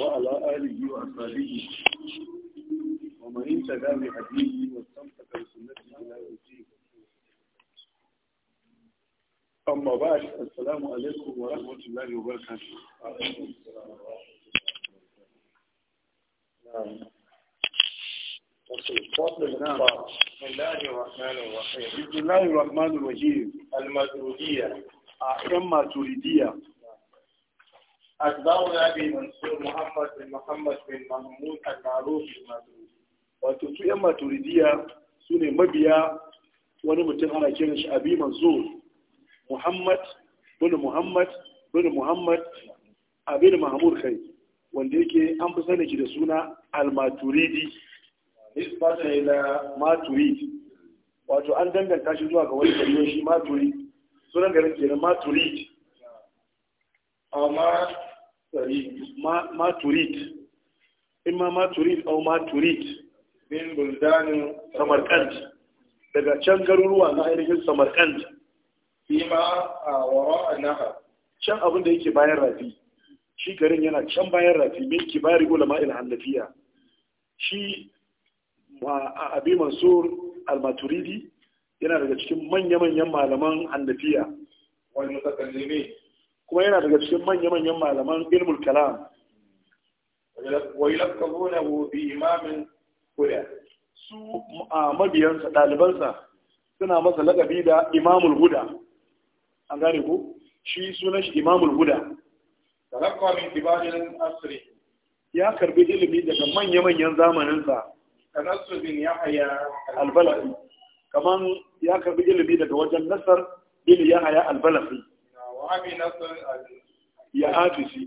وعلى آله وأصحابه ومن انتهى بحديثه واستمسك بسنته إلى يوم أما بعد السلام عليكم ورحمة الله وبركاته نعم. بسم الله الرحمن الرحيم بسم الله الرحمن الرحيم الماتريدية آه. أحكام تريدية أتباعنا بمنصور محمد بن محمد بن محمود المعروف المعروف wato su ‘yan maturidiya su ne mabiya wani mutum ana kiran shi محمد بن muhammad bin muhammad bin muhammad kai wanda yake an fi sani shi da suna almaturidi nisbata ila maturid wato an danganta shi zuwa ga wani gari shi maturid sunan garin na maturid amma ma turid imma ma maturit, au maturit. min buldanin samarkand daga can garuruwa na ainihin samarkand ima a wara nahar can abin da yake bayan rafi shi garin yana can bayan rafi mai kibari ulama il hannafiya shi abi mansur al-maturidi yana daga cikin manya-manyan malaman hannafiya wani mutakallimin kuma yana daga cikin manya-manyan malaman ilmul kalam wa yalqabunahu bi imamin huda su mabiyansa ɗalibansa suna masa lakabi da imamul huda an gane ko. shi sunan shi imamul huda talaqqa min kibarin asri ya karbi ilimi daga manya-manyan zamaninsa kanasu bin yahya al-balafi kaman ya karbi ilimi daga wajen nasar bin yahya al-balafi ya afisi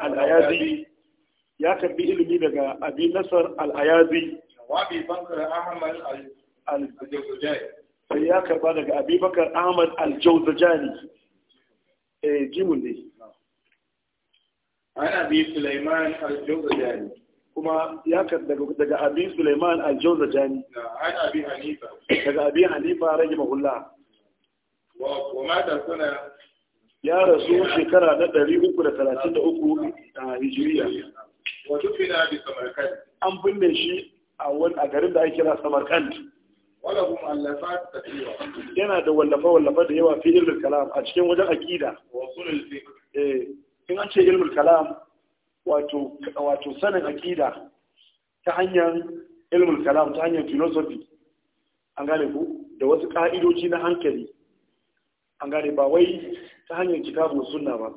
al'ayazi ya karbi ilimi daga abin nasar al'ayazi sai ya karba daga abin bakar ahmad al-jauzajani jimun ne an abi suleiman al-jauzajani kuma ya karba daga abin suleiman al-jauzajani daga abin hanifa rage mahullah wa mata suna ya rasu shekara na 333 a hijiriya an binne shi a garin da ake kira samarkand yana da wallafa-wallafa da yawa fi ilmul kalam a cikin wajen akida eh, in an ce ilmul kalam wato sanin akida ta hanyar ilmul kalam ta hanyar philosophy an gane ku da wasu ka'idoji na hankali an gane ba wai ta hanyar kitabu sunna ba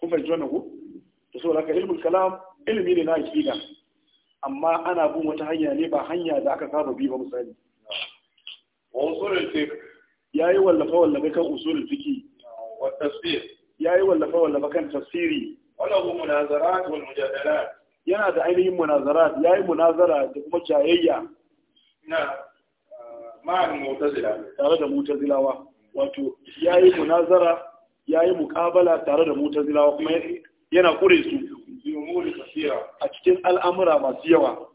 kun fahimci wannan ku to saboda haka ilmul kalam ilimi ne na aqida amma ana bin wata hanya ne ba hanya da aka saba bi ba misali usulul fiqh yayi wallafa wallafa kan usulul fiqh wa tafsir yayi wallafa wallafa kan tafsiri wala hu munazarat wal mujadalat yana da ainihin munazarat yayi munazara da kuma jayayya na ma'an mu'tazila tare da mu'tazilawa wato ya yi munazara ya yi mukabala tare da zilawa kuma yana kure su a cikin al'amura masu yawa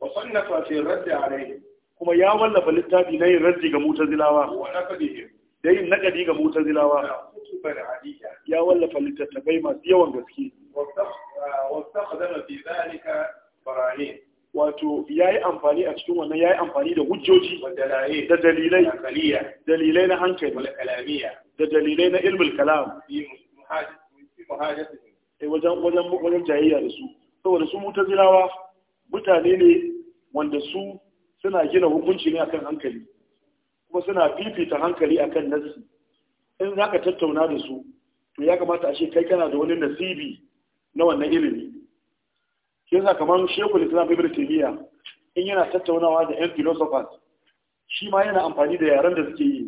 wasannafa fi raddi alaihi kuma ya wallafa littafi na yin raddi ga mutazilawa da yin nakadi ga zilawa. ya wallafa littattafai masu yawan gaske wasu fi zalika barahin wato ya yi amfani a cikin wannan ya yi amfani da hujjoji da dalilai dalilai na hankali da dalilai na ilmul kalam eh, wajen jayayya da su saboda su mutazilawa mutane ne wanda su suna gina hukunci ne akan hankali kuma suna fifita hankali akan nasi in za ka tattauna da su to ya kamata a ce kai kana da wani nasibi na wannan ilimi shi yasa kamar shekul islam ibn taymiya in yana tattaunawa da yan philosophers shi ma yana amfani da yaren da suke yi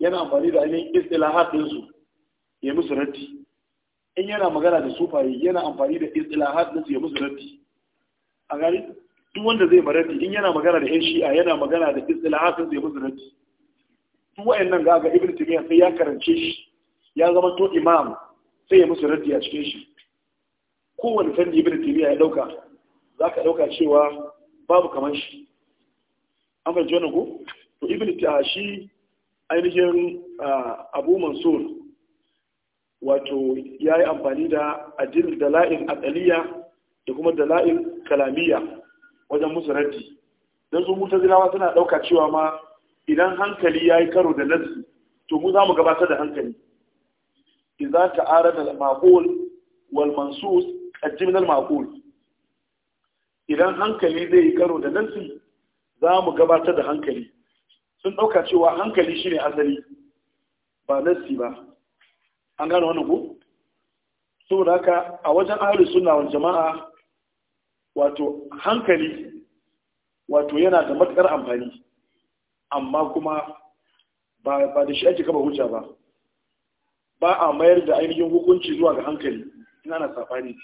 yana amfani da ainihin istilahat ɗinsu ya musu ratti in yana magana da sufaye yana amfani da istilahat ɗinsu ya musu ratti a gari duk wanda zai maratti in yana magana da yan shi'a yana magana da istilahat ɗinsu ya musu raddi duk wayannan ga ga ibn taymiya sai ya karance shi ya zama to imam sai ya musu ratti a cikin shi kowane fanni ibn taymiya ya dauka zaka dauka cewa babu kaman shi an fahimci wannan ko to ibn shi ainihin abu mansur wato ya yi amfani da ajin dala'il adaliya da kuma dala'il kalamiya wajen musu raddi don su mutazilawa suna ɗauka cewa ma idan hankali ya yi karo da nazi to mu za mu gabatar da hankali idza ta'arada al-maqul wal mansus الجمل المعقول idan hankali zai yi karo da nasi za mu gabatar da hankali sun ɗauka cewa hankali shi ne asali ba nasi ba an gano wani ku? da haka a wajen ahalus suna wani jama'a wato hankali wato yana da matuƙar amfani amma kuma ba da shi ake kaba hujja ba ba a mayar da ainihin hukunci zuwa ga hankali ina na saɓani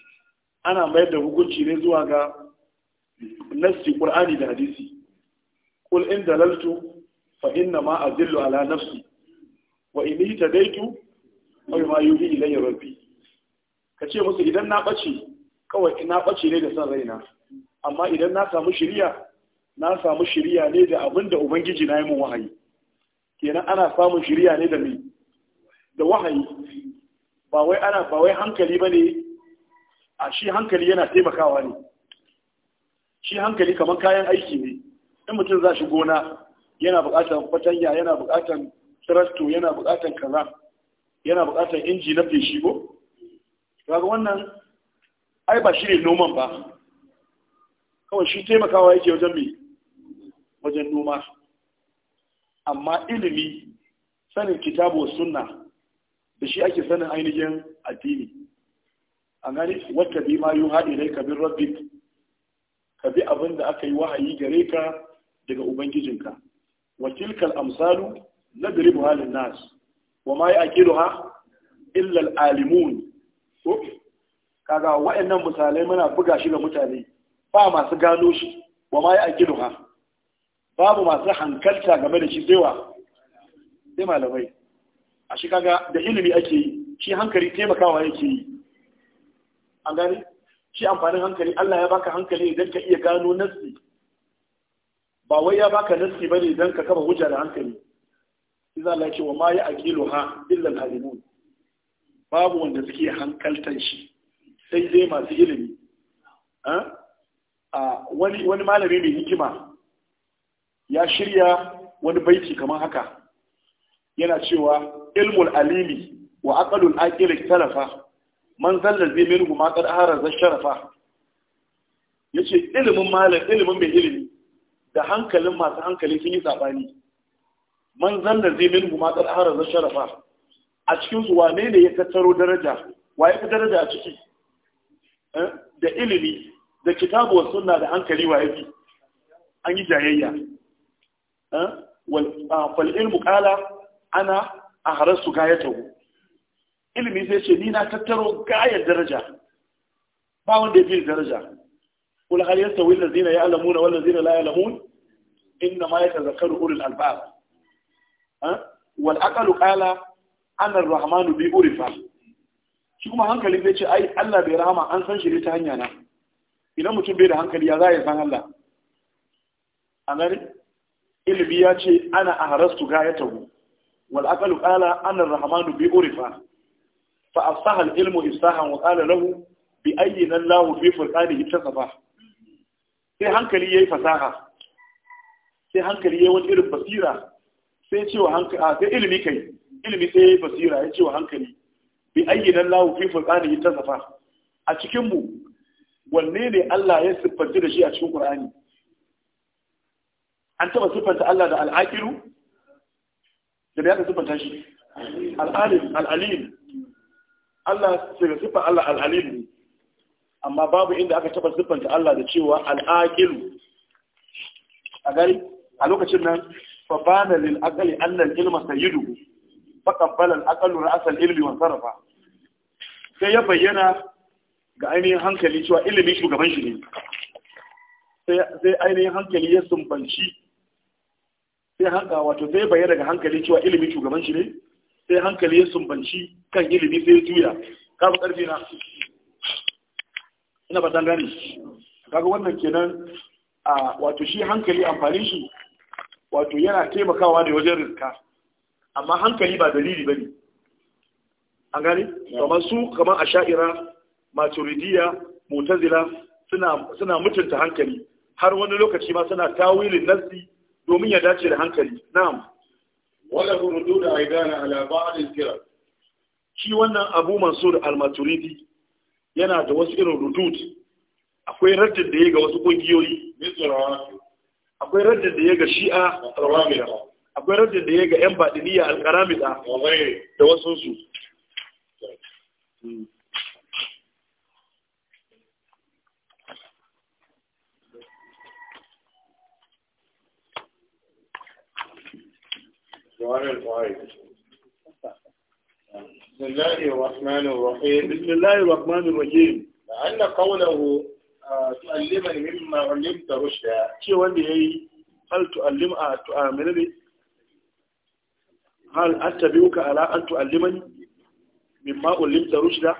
ana mayar da hukunci ne zuwa ga nassi qur'ani da hadisi qul in dalaltu fa inna ma adillu ala nafsi wa in hidaytu fa ma yuhi ilayya rabbi kace musu idan na bace kawai ina bace ne da san raina amma idan na samu shiriya na samu shiriya ne da abinda ubangiji na yi min wahayi kenan ana samun shiriya ne da mai da wahayi ba wai ana ba wai hankali bane a shi hankali yana taimakawa ne shi hankali kamar kayan aiki ne in mutum za shi gona yana buƙatar fatanya yana buƙatar tirasto yana buƙatar kaza yana buƙatar inji na feshi ko kaga wannan ai ba shi ne noman ba kawai shi taimakawa yake wajen mai wajen noma amma ilimi sanin kitabu sunna da shi ake sanin ainihin addini an gani wata bi ma yuha ilaika min rabbik ka bi abin da aka yi wahayi gare ka daga ubangijinka wa tilkal amsalu nadribu halin nas wa ma yaqiluha illa al alimun kaga waɗannan misalai muna buga shi ga mutane ba masu gano shi wa ma yaqiluha babu masu hankalta game da shi sai sai malamai a shi kaga da ilimi ake yi shi hankali taimakawa yake yi an gani shi amfanin hankali Allah ya baka hankali idan ka iya gano nassi ba wai ya baka ba ne idan ka kafa hujja da hankali idan Allah ya ce wa ma ya ha illa alimun babu wanda suke hankaltan shi sai dai masu ilimi a wani wani malami mai hikima ya shirya wani baiti kamar haka yana cewa ilmul alimi wa aqalul aqil tallafa. man zallar min guma ƙar harazar sharafa ya ce ilimin malam, ilimin mai ilimi da hankalin masu hankali sun yi sabani man zallar min guma ƙar harazar sharafa a cikinsu wane ne ya tattaro daraja wa ya fi daraja a ciki eh, da ilimi da kitabu wa sunna da hankali wa ya fi an yi jayayya eh, ah, wal ilmu kala ana a harar su gayatahu ilimi zai ce ni na tattaro gayar daraja ba wanda ya yake daraja kula zina ya allazina ya'lamuna wal ladzina la ya'lamun inna ma yatazakkaru ulul albab ha wal aqalu qala ana ar-rahmanu bi urifa shi kuma hankali zai ce ai Allah bai rahama an san shi ne ta hanya na idan mutum bai da hankali ya za ya san Allah a gari ilimi ya ce ana a harastu gayatahu wal aqalu qala ana ar-rahmanu bi urifa fa afsaha ilmu ifsahan wa qala lahu bi ayyina Allahu fi furqanihi tasafa sai hankali yayi fasaha sai hankali yayi wani irin basira sai ilimi kai ilimi sai yayi basira ya ce wa hankali bi ayyina Allahu fi furqanihi tasafa a cikin mu wanne ne Allah ya siffanci da shi a cikin Qur'ani an taba siffanta Allah da ya siffanta shi Allah ce ga Allah al'alim ne amma babu inda aka taɓa siffanta Allah da cewa al'aƙilu a gari a lokacin nan fa bana lil aqli anna al ilma sayyidu fa qabbala al aqlu ra'as al ilmi wa sarafa sai ya bayyana ga ainihin hankali cewa ilimin shugaban shi ne sai ainihin hankali ya sumbanci sai hanka wato sai bayyana ga hankali cewa ilimin shugaban shi ne sai hankali ya sumbanci kan ilimi sai ya juya kafa fi ƙarfi na ina ba dangane kaga wannan kenan a wato shi hankali amfani shi wato yana taimakawa ne wajen rizka amma hankali ba dalili ba ne an gane kamar su kamar a sha'ira maturidiya mutazila suna mutunta hankali har wani lokaci ma suna tawilin nasi domin ya dace da hankali na'am wala rudu da aidana ala ba'dil kira shi wannan Abu Mansur al-Maturidi yana da wasu irin rudud akwai raddin da ya ga wasu kungiyoyi akwai raddin da ya ga Shi'a al-Rawamida akwai raddin da ya ga yan badiniya al-Qaramida da wasu su hmm. بسم الله الرحمن الرحيم بسم لأن قوله تؤلمني مما علمت رشدا شيء ولي هي هل تؤلم تؤمنني هل أتبعك على أن تؤلمني مما علمت رشدا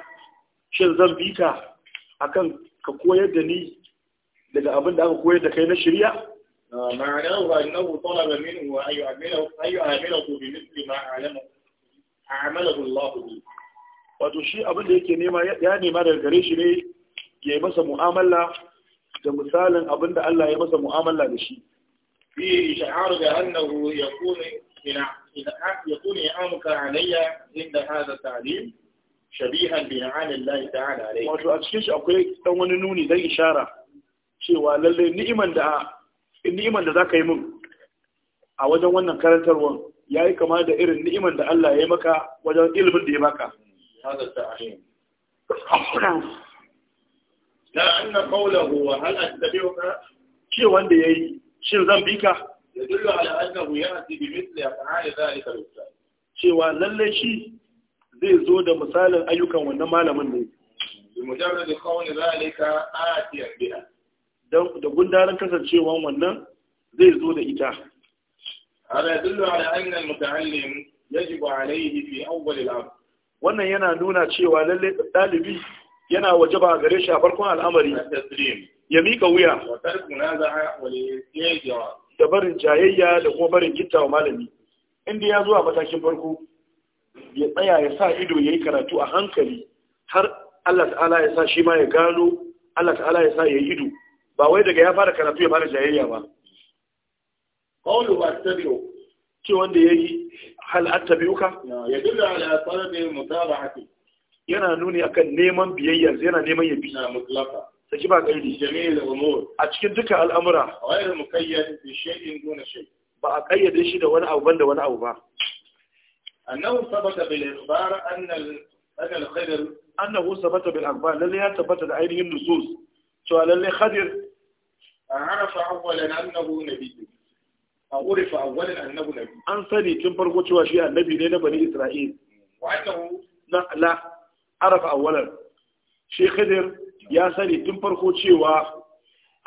shin zan bi ka akan ka koyar da ni daga abin da aka koyar da kai na shirya معناه أنه طلب منه أن يعامله أن يعامله بمثل ما أعلمه أعمله الله به wato shi abin da yake nema ya nema daga gare shi ne ya yi masa mu'amala da misalin abin da Allah ya masa mu'amala da shi fi sha'aru da annahu yakunu ina ina yakunu ya'amuka alayya inda hada ta'lim shabihan bi Allah ta'ala alayhi wato a cikin shi akwai dan wani nuni dan ishara cewa lalle ni'iman da in ni'iman da za ka yi min a wajen wannan karantarwar ya yi kama da irin ni'iman da Allah ya yi maka wajen ilimin da ya maka. Da an na kaula huwa hal a tabi ka? Ce wanda ya yi, shin zan bi ka? Da dullu ala annahu ya hasi bi misli a fa'ali zalika lissa. Cewa lalle shi zai zo da misalin ayyukan wannan malamin ne. Bi mujarrad qawli zalika atiyan biha. da gundarin kasancewan wannan zai zo da ita ala dillu ala anna al-muta'allim yajibu alayhi fi awwal al wannan yana nuna cewa lalle dalibi yana waje ba gare shi a farkon al'amari ya mika wuya da barin jayayya da kuma barin gitta wa malami inda ya zuwa matakin farko ya tsaya ya sa ido ya yi karatu a hankali har Allah ta'ala ya sa shi ma ya gano Allah ta'ala ya sa ya yi ido ba wai daga ya fara karatu ya fara jayayya ba qawlu wattabi'u ce wanda yayi hal attabi'uka ya dilla ala talabi mutaba'ati yana nuni akan neman biyayya yana neman ya bi na mutlaka saki ba kaidi jami'il umur a cikin duka al'amura ghayr muqayyad bi shay'in duna shay ba a kayyade shi da wani abu banda wani abu ba annahu sabata bil ikhbar anna anna al khayr annahu sabata bil akhbar lalle ya tabbata da ainihin nusus cewa lalle khadir عرف أولا أنه نبي أعرف أولا أنه نبي أن سني تم فرقو شوى النبي لنا بني إسرائيل وأنه لا لا عرف أولا شيء خدر يا سني تم فرقو شوى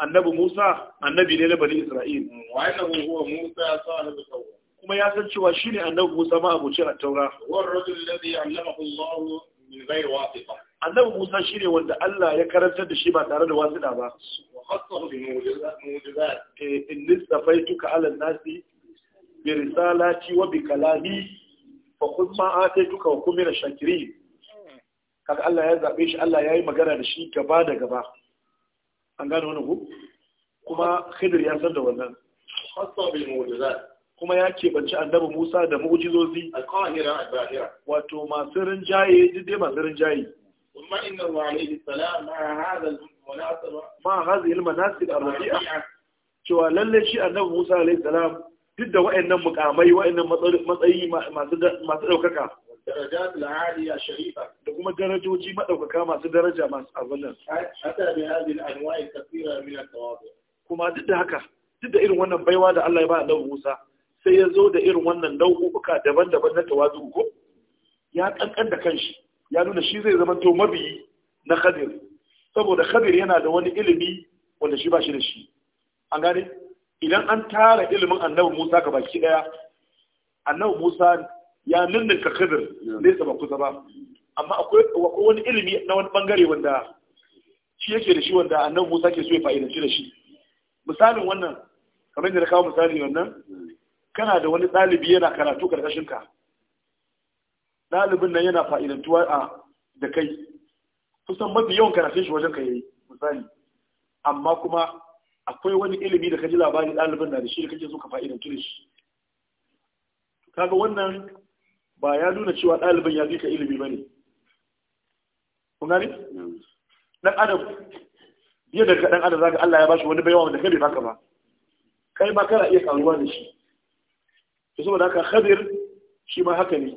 annabi Musa annabi ne na Bani Isra'il. Wannan huwa Musa sahibu Taurat. Kuma ya san cewa shine annabi Musa ma abucin a taura War rajul alladhi 'allamahu Allah min ghairi wasita. Annabi Musa shine wanda Allah ya karantar da shi ba tare da wasita ba. خصه بموجزات إن استفيتك على الناس برسالتي وبكلامي فخذ ما آتيتك وكن من الشاكرين الله Allah ya zabe shi Allah ya yi magana da shi gaba da gaba an gane wani ku kuma ya san da wannan kuma ya keɓanci annabi Musa da mu'jizozi wato masu rinjaye dai masu rinjaye kuma inna wa alayhi salam ma hada ma hazi ilma nasib ar-rafi'a cewa lalle shi annabi Musa alaihi salam duk da wa'annan mukamai wa'annan matsayi masu masu daukaka darajat al-aliya sharifa da kuma darajoji madaukaka masu daraja masu abunan hatta bi hadhihi al-anwa'i kathira min at-tawadi kuma duk da haka duk da irin wannan baiwa da Allah ya ba annabi Musa sai ya zo da irin wannan nau'uka daban-daban na tawadu ko ya kankan da kanshi ya nuna shi zai zama to mabiyi na Khadir saboda khabir yana da wani ilimi wanda shi ba shi da shi an gane idan an tara ilimin annabi Musa ka baki daya annabi Musa ya ninninka khabir nesa ba kusa ba amma akwai wani ilimi na wani bangare wanda shi yake da shi wanda annabi Musa ke so ya fa'idanci da shi misalin wannan kamar da kawo misali wannan kana da wani ɗalibi yana karatu karkashin ka ɗalibin nan yana fa'idantuwa a da kai kusan mafi yawan karatun shi wajen ka yi misali amma kuma akwai wani ilimi da kaji labari ɗalibin na da shi da kake so ka fa'idan da shi kaga wannan ba ya nuna cewa ɗalibin ya fi ka ilimi ba ne kunari? gani ɗan adam biyar daga ɗan adam zaka Allah ya bashi wani baiwa wanda kai bai baka ba kai ma kana iya karuwa da shi to saboda haka khadir shi ma haka ne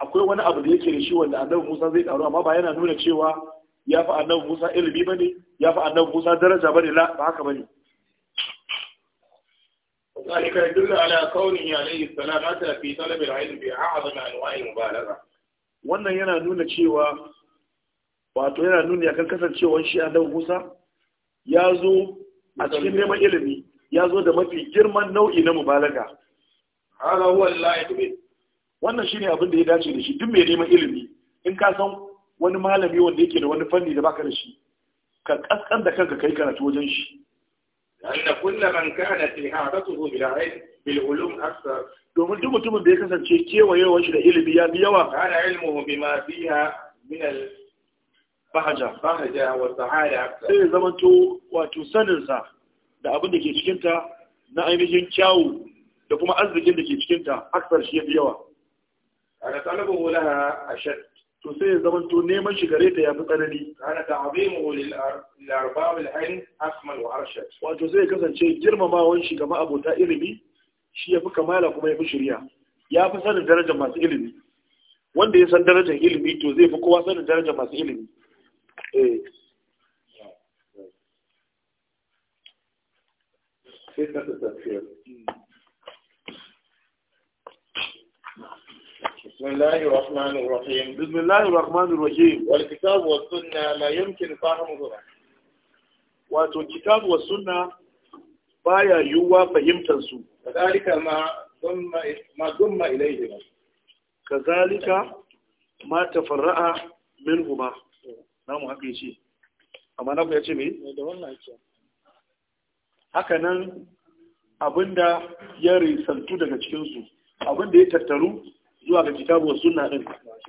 akwai wani abu da yake da shi wanda annabi Musa zai karu amma ba yana nuna cewa ya fi annan Musa ilimi ba ne ya fi annan Musa daraja ba ne la ba haka ba ne wannan yana nuna cewa wato yana nuna kan kasancewar shi annabi Musa ya zo a cikin neman ilimi ya zo da mafi girman nau'i na mubalaga hada huwa la wannan shine abin da ya dace da shi duk mai neman ilimi in ka san wani malami wanda yake da wani fanni da baka da shi ka kaskan da kanka kai karatu wajen shi anna kullu man kana ihatatuhu bil ilm bil ulum akthar domin duk mutumin da ya kasance kewayewar shi da ilimi ya bi yawa kana ilmuhu bima fiha min al fahaja fahaja wa sa'ada akthar sai to wato sanin sa da abin da ke cikin ta na ainihin kyawu da kuma arzikin da ke cikin ta akthar shi ya bi yawa ana talabu laha ashad to sai ya zama to neman shi gare ta fi tsanani ana ta'zimu lil arbab al ilm asmal wa arshad wato sai kasance girmamawan shi ga ma'abota ilimi shi ya fi kamala kuma ya fi shirya. Ya fi sanin darajar masu ilimi wanda ya san darajar ilimi to zai fi kowa sanin darajar masu ilimi eh sai ka بسم الله الرحمن الرحيم بسم الله الرحمن الرحيم wato kitab wa sunna baya yiwuwa fahimtar su kazalika ma tafarra'a minhuma namu haka yace amma eh, da nan abinda ya risaltu daga cikinsu, su abinda ya tattaru زوا كتاب والسنة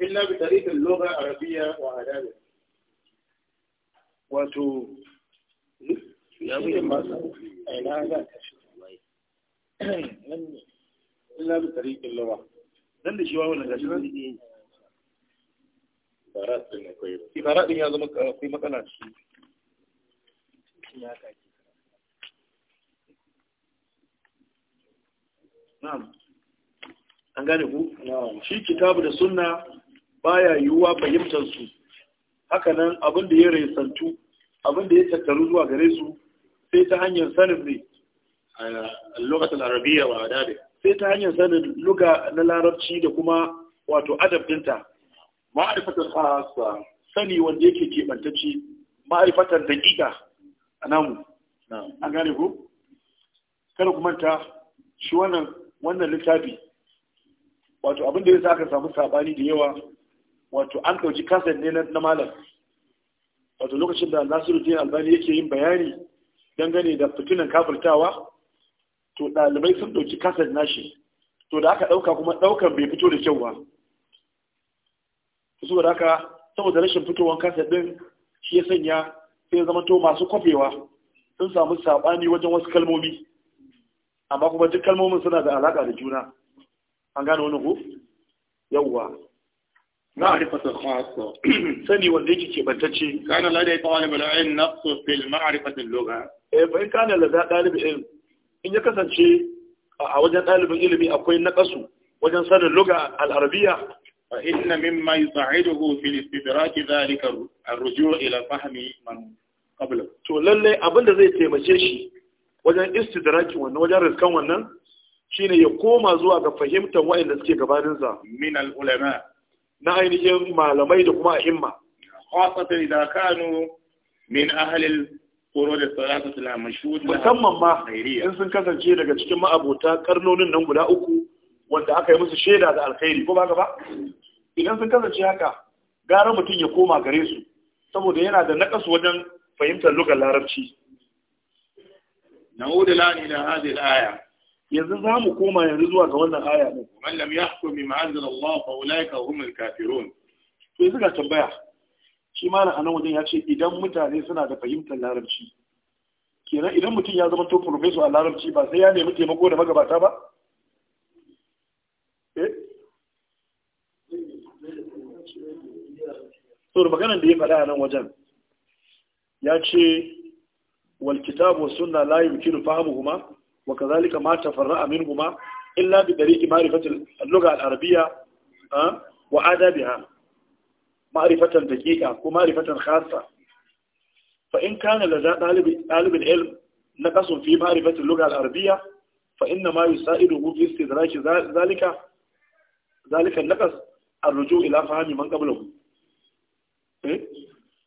إلا بطريق اللغة العربية وعربية واتو يا مين ما إلا بطريق اللغة لن شو هو نجاشي إبرات من كوير إبرات من هذا مك في نعم an gane ku shi kitabu da sunna baya yiwuwa fahimtar su hakanan abin da ya resantu abin da ya tattaru zuwa gare su sai ta hanyar sanin ne lokacin arabiya wa adabe sai ta hanyar sanin luga na larabci da kuma wato adabinta ma'arifatar hasa sani wanda yake kebantacci ma'arifatar daƙiƙa a namu an gane ku kada kuma ta shi wannan littafi wato abin da ya sa ka samu sabani da yawa wato an ɗauki kasar ne na malam wato lokacin da Nasiru nasiruddin albani yake yin bayani dangane da fitinan kafirtawa to ɗalibai sun ɗauki kasar nashi to da aka ɗauka kuma ɗaukan bai fito da kyau ba su da aka saboda rashin fitowar kasar ɗin shi ya sanya sai ya zamanto masu kwafewa sun samu sabani wajen wasu kalmomi amma kuma duk kalmomin suna da alaƙa da juna an gano wani ku yawwa na arifata khasa sani wanda yake ke bantacce kana la da ta'ala bala ayin naqsu fil ma'rifati al lugha e eh, fa in kana la da in ya kasance a wajen dalibin ilimi akwai naqasu wajen sanin lugha al arabiya fa inna mimma yusa'iduhu fil istidraki dhalika ar ruju' ila fahmi man qabla to lalle abinda zai taimake shi wajen istidraki wannan wajen riskan wannan shine ya koma zuwa ga fahimtar waɗanda suke gabaninsa min al’ulama. na ainihin malamai da kuma a'imma khasatan idan kanu min ahli al-qurun salatu thalathah al-mashhud musamman ma in sun kasance daga cikin ma'abota karnonin nan guda uku wanda aka yi musu shaida da alkhairi ko ba ba idan sun kasance haka gara mutum ya koma gare su saboda yana da nakasu wajen fahimtar lugar larabci na'udu lani da hadhihi al-aya yanzu za mu koma yanzu zuwa ga wannan aya ne man lam yahkum bima anzala Allah fa ulaika humul kafirun to yanzu ga tambaya shi ma a nan wajen ya ce idan mutane suna da fahimtar larabci kenan idan mutum ya zama to professor a larabci ba sai ya nemi taimako da magabata ba eh maganar da ya faɗa a nan wajen ya ce wal kitabu sunna la yumkinu fahmuhuma wa kazalika ma tafarra'a minhuma illa bi tariqi ma'rifati al-lugha al-arabiyya wa adabiha ma'rifatan ko ma'rifatan khassa fa in kana ladha talib talib al-ilm naqasun fi ma'rifati al-lugha al-arabiyya fa inna ma yusa'iduhu fi istidraki dhalika dhalika an-naqas ar-ruju' ila fahmi man qablahu eh?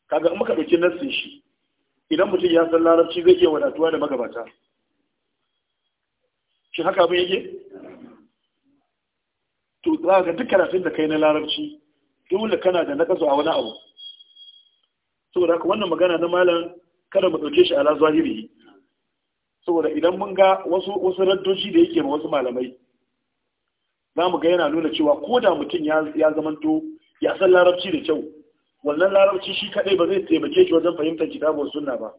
kaga in muka dauki nassin shi idan mutum ya san larabci zai iya wadatuwa da magabata shi haka abin yake to za ga duk karatun da kai na larabci dole kana da nakasu a wani abu saboda haka wannan magana na malam kada mu ɗauke shi ala zahiri saboda idan mun ga wasu wasu raddoji da yake ma wasu malamai za mu ga yana nuna cewa ko da mutum ya zamanto ya san larabci da kyau wannan larabci shi kadai ba zai taimake shi wajen fahimtar kitabu sunna ba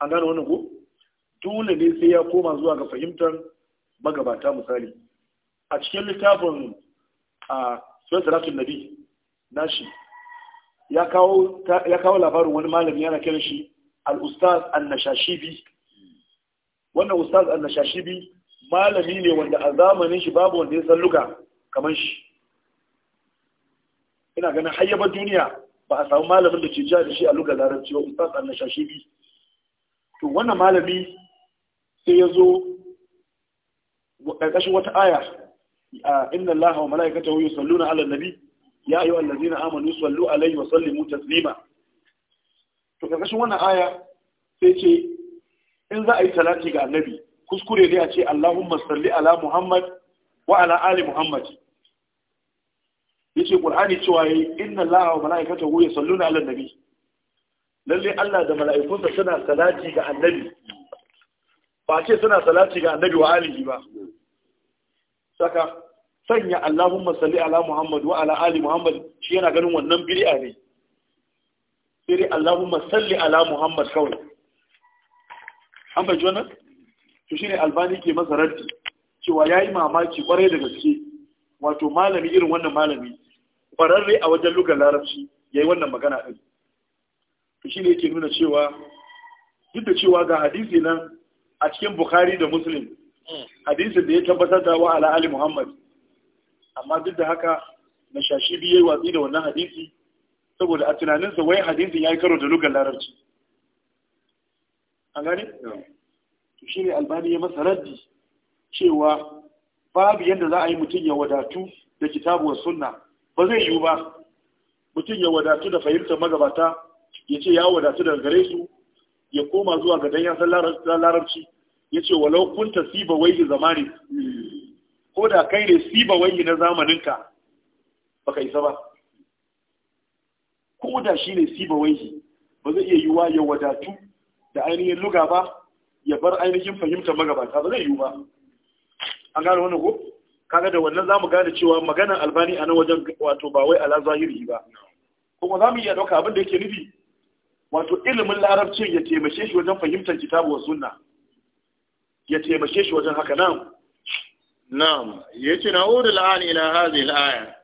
an gane wannan ko dole ne sai ya koma zuwa ga fahimtar magabata misali a cikin littafin a suwaisaratun nabi nashi ya kawo labarin wani malami yana kiran shi al-ustaz annashashibi wannan ustaz annashashibi malami ne wanda a zamanin shi babu wanda ya san luka kamar shi ina ganin hayyabar duniya ba a samu malamin da ke jihar da shi a lugar larabci wa ustaz annashashibi to wannan malami sai ya zo ƙarƙashin wata aya inna allaha wa mala'ikatahu yusalluna 'alan nabi ya ayyuhal ladzina amanu sallu 'alaihi wa sallimu taslima to ƙarƙashin wannan aya sai ce in za a yi salati ga annabi kuskure ne a ce Allahumma salli ala Muhammad wa ala ali Muhammad yace Qur'ani cewa yi inna Allaha wa mala'ikatahu yusalluna 'alan nabi lalle Allah da mala'ikunsa suna salati ga annabi ba ce suna salati ga annabi wa alihi ba saka sanya Allahumma salli ala Muhammad wa ala ali Muhammad shi yana ganin wannan bid'a ne sai Allahumma salli ala Muhammad kawai an bai jona to shine albani ke masa raddi cewa yayi mamaki kwarai da gaske wato malami irin wannan malami kwararre a wajen lugar larabci yayi wannan magana din to shine yake nuna cewa duk da cewa ga hadisi nan a cikin bukhari da muslim hmm. hadisin da ya tabbatar da wa ala ali muhammad amma duk da haka na shashi biye watsi da wannan hadisi saboda a sa wai hadisin ya yi karo da lugar larabci an gani, to shine albani ya masa raddi cewa babu yadda za a yi mutum ya wadatu da kitabuwar sunna ba zai yiwu ba mutum ya wadatu da fahimtar magabata ya ce ya wadatu daga gare su ya koma zuwa ga dan san larabci Ya ce walau kunta siba wai zamani ko da kai ne siba wai na zamaninka ka isa ba ko da shi ne siba wai ba zai iya yiwuwa ya wadatu da ainihin luga ba ya bar ainihin fahimtar magabata ba zai yiwu ba an gane wannan ko kaga da wannan zamu gane cewa maganar albani a nan wajen wato ba wai ala zahiri ba kuma mu iya ɗauka abin da yake nufi wato ilimin larabcin ya taimake shi wajen fahimtar kitabu wa sunna ya taimake shi wajen haka nan na'am yace na'udu al'an ila hadhihi al-aya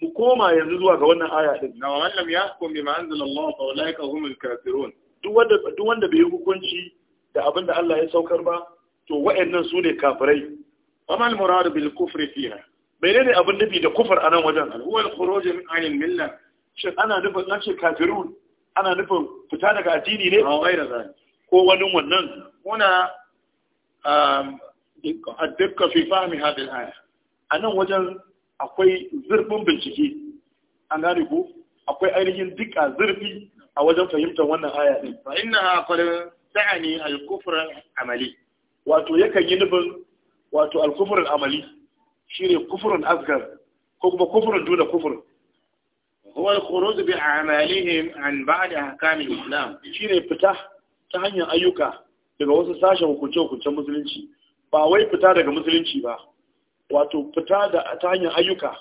mu koma yanzu zuwa ga wannan aya ɗin. na man ya yahkum bima anzala Allah fa ulaika humul kafirun duk wanda duk wanda bai hukunci da abin da Allah ya saukar ba to wa'annan su ne kafirai amma al-muradu bil kufri fiha menene abin nufi da kufar a nan wajen huwa al-khuruj min anil milla shin ana nufin na ce kafirun ana nufin fita daga addini ne a wayar zani ko wani wannan muna addukka um, fi fahmi hadhihi aya. A nan wajen akwai zurfin bincike an gane ku akwai ainihin dika zurfi a wajen fahimtar wannan aya din fa ina qad ta'ani al-kufr amali wato yakan yi nufin wato al-kufr al-amali shine kufrun asgar ko kuma kufrun duna kufrun هو الخروج بأعمالهم عن بعد أحكام الإسلام. شيء فتح تهني أيوكا daga wasu sashen hukunce-hukuncen musulunci ba wai fita daga musulunci ba wato fita da ta hanyar ayyuka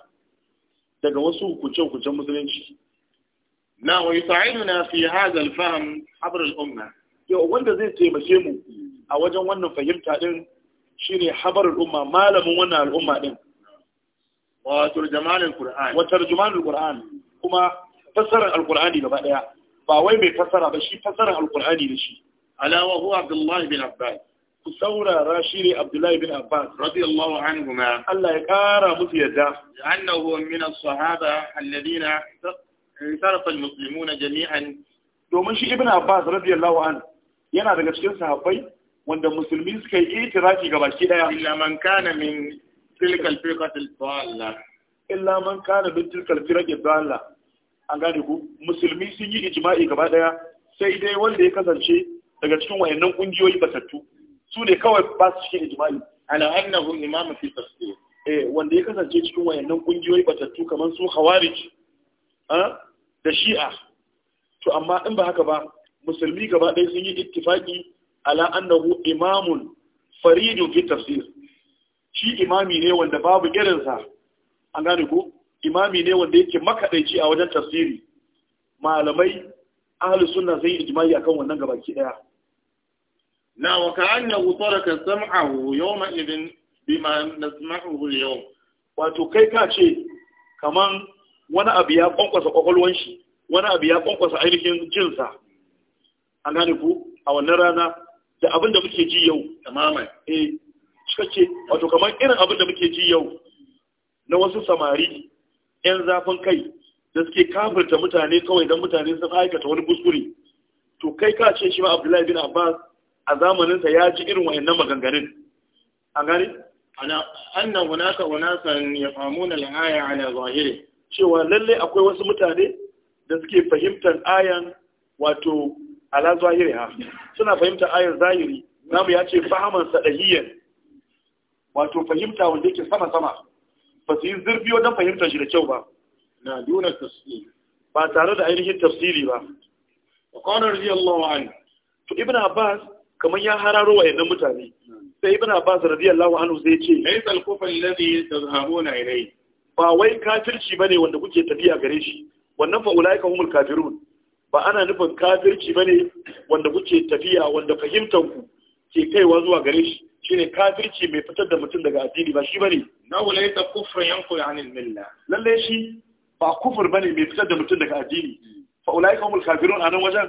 daga wasu hukunce-hukuncen musulunci na wa na fi hadha al habar al'umma. yau wanda zai taimake mu a wajen wannan fahimta din shine habar al'umma malamin wannan al'umma din wa turjuman al-qur'an wa turjuman kuma fassarar al gaba daya ba wai mai fassara ba shi fassarar al-qur'ani da shi ala huwa Abdullahi bin Abbas ku saurara shi ne Abdullahi bin Abbas radiyallahu anhuma Allah ya kara musu yadda annahu min as-sahaba alladhina sarafa jami'an domin shi ibn Abbas radiyallahu anhu yana daga cikin sahabbai wanda musulmi suka yi itirafi ga baki daya illa man kana min tilka al-firqat illa man kana min tilka al-firqat an gane ku musulmi sun yi ijma'i gaba daya sai dai wanda ya kasance daga cikin wayannan kungiyoyi batattu su ne kawai ba su cikin ijimali ala annahu imam fi tafsir eh wanda ya kasance cikin wayannan kungiyoyi batattu kamar su khawarij da shi'a to amma in ba haka ba musulmi gaba ɗaya sun yi ittifaqi ala annahu imamun faridun fi tafsir shi imami ne wanda babu irinsa an gane ko imami ne wanda yake makadaici a wajen tafsiri malamai ahlus sunna sai ijma'i akan wannan gabaki daya na wa ka'annahu taraka sam'ahu yawma idin bima nasma'uhu al yau? wato kai ka ce kaman wani abu ya kwankwasa kwakwalwan shi wani abu ya kwankwasa ainihin jinsa an gane ku a wannan rana da abin da muke ji yau mamaye. eh suka ce wato kamar irin abin da muke ji yau na wasu samari yan zafin kai da suke kafirta mutane kawai don mutane sun aikata wani kuskure to kai ka ce shi ma Abdullahi bin Abbas a zamaninsa ya ji irin wayannan maganganun A gani ana annan hunaka hunasan yafhamuna al-aya ala zahiri cewa lalle akwai wasu mutane da suke fahimtar ayan wato ala zahiri ha suna fahimtar ayan zahiri namu ya ce fahimtar sadahiyar wato fahimta wanda yake sama sama ba su yi zurfi wajen fahimtar shi da kyau ba na duna tafsiri ba tare da ainihin tafsiri ba wa qala radiyallahu anhu to ibn abbas kamar ya hararo wayannan mutane sai ibn abbas radiyallahu anhu sai ce laysa al-kufr alladhi tadhhabuna ilayhi ba wai kafirci bane wanda kuke tafiya gare shi wannan fa ulaika humul kafirun ba ana nufin kafirci bane wanda kuke tafiya wanda fahimtar ku ke kaiwa zuwa gare shi shine kafirci mai fitar da mutum daga addini ba shi bane na ulaika kufrun yanqul anil milla lalle shi ba kufur bane mai fitar da mutum daga addini fa ulaika humul kafirun anan wajen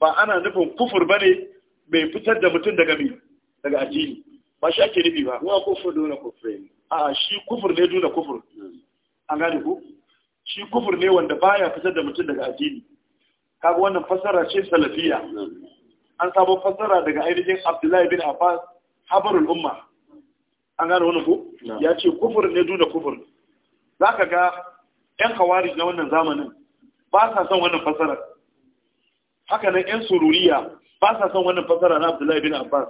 ba ana nufin kufur bane mai fitar da mutum daga mai daga addini ba shi ake nufi ba wa kufur dole kufur a shi kufur ne duna kufur an gane ku shi kufur ne wanda baya fitar da mutum daga addini kaga wannan fassara ce salafiya an samu fassara daga ainihin Abdullahi bin Abbas habarul umma an gane wani ku ya ce kufur ne duna kufur Za ka ga yan kawari na wannan zamanin ba sa son wannan fassarar haka nan yan sururiya ba sa son wannan fasara na Abdullahi bin Abbas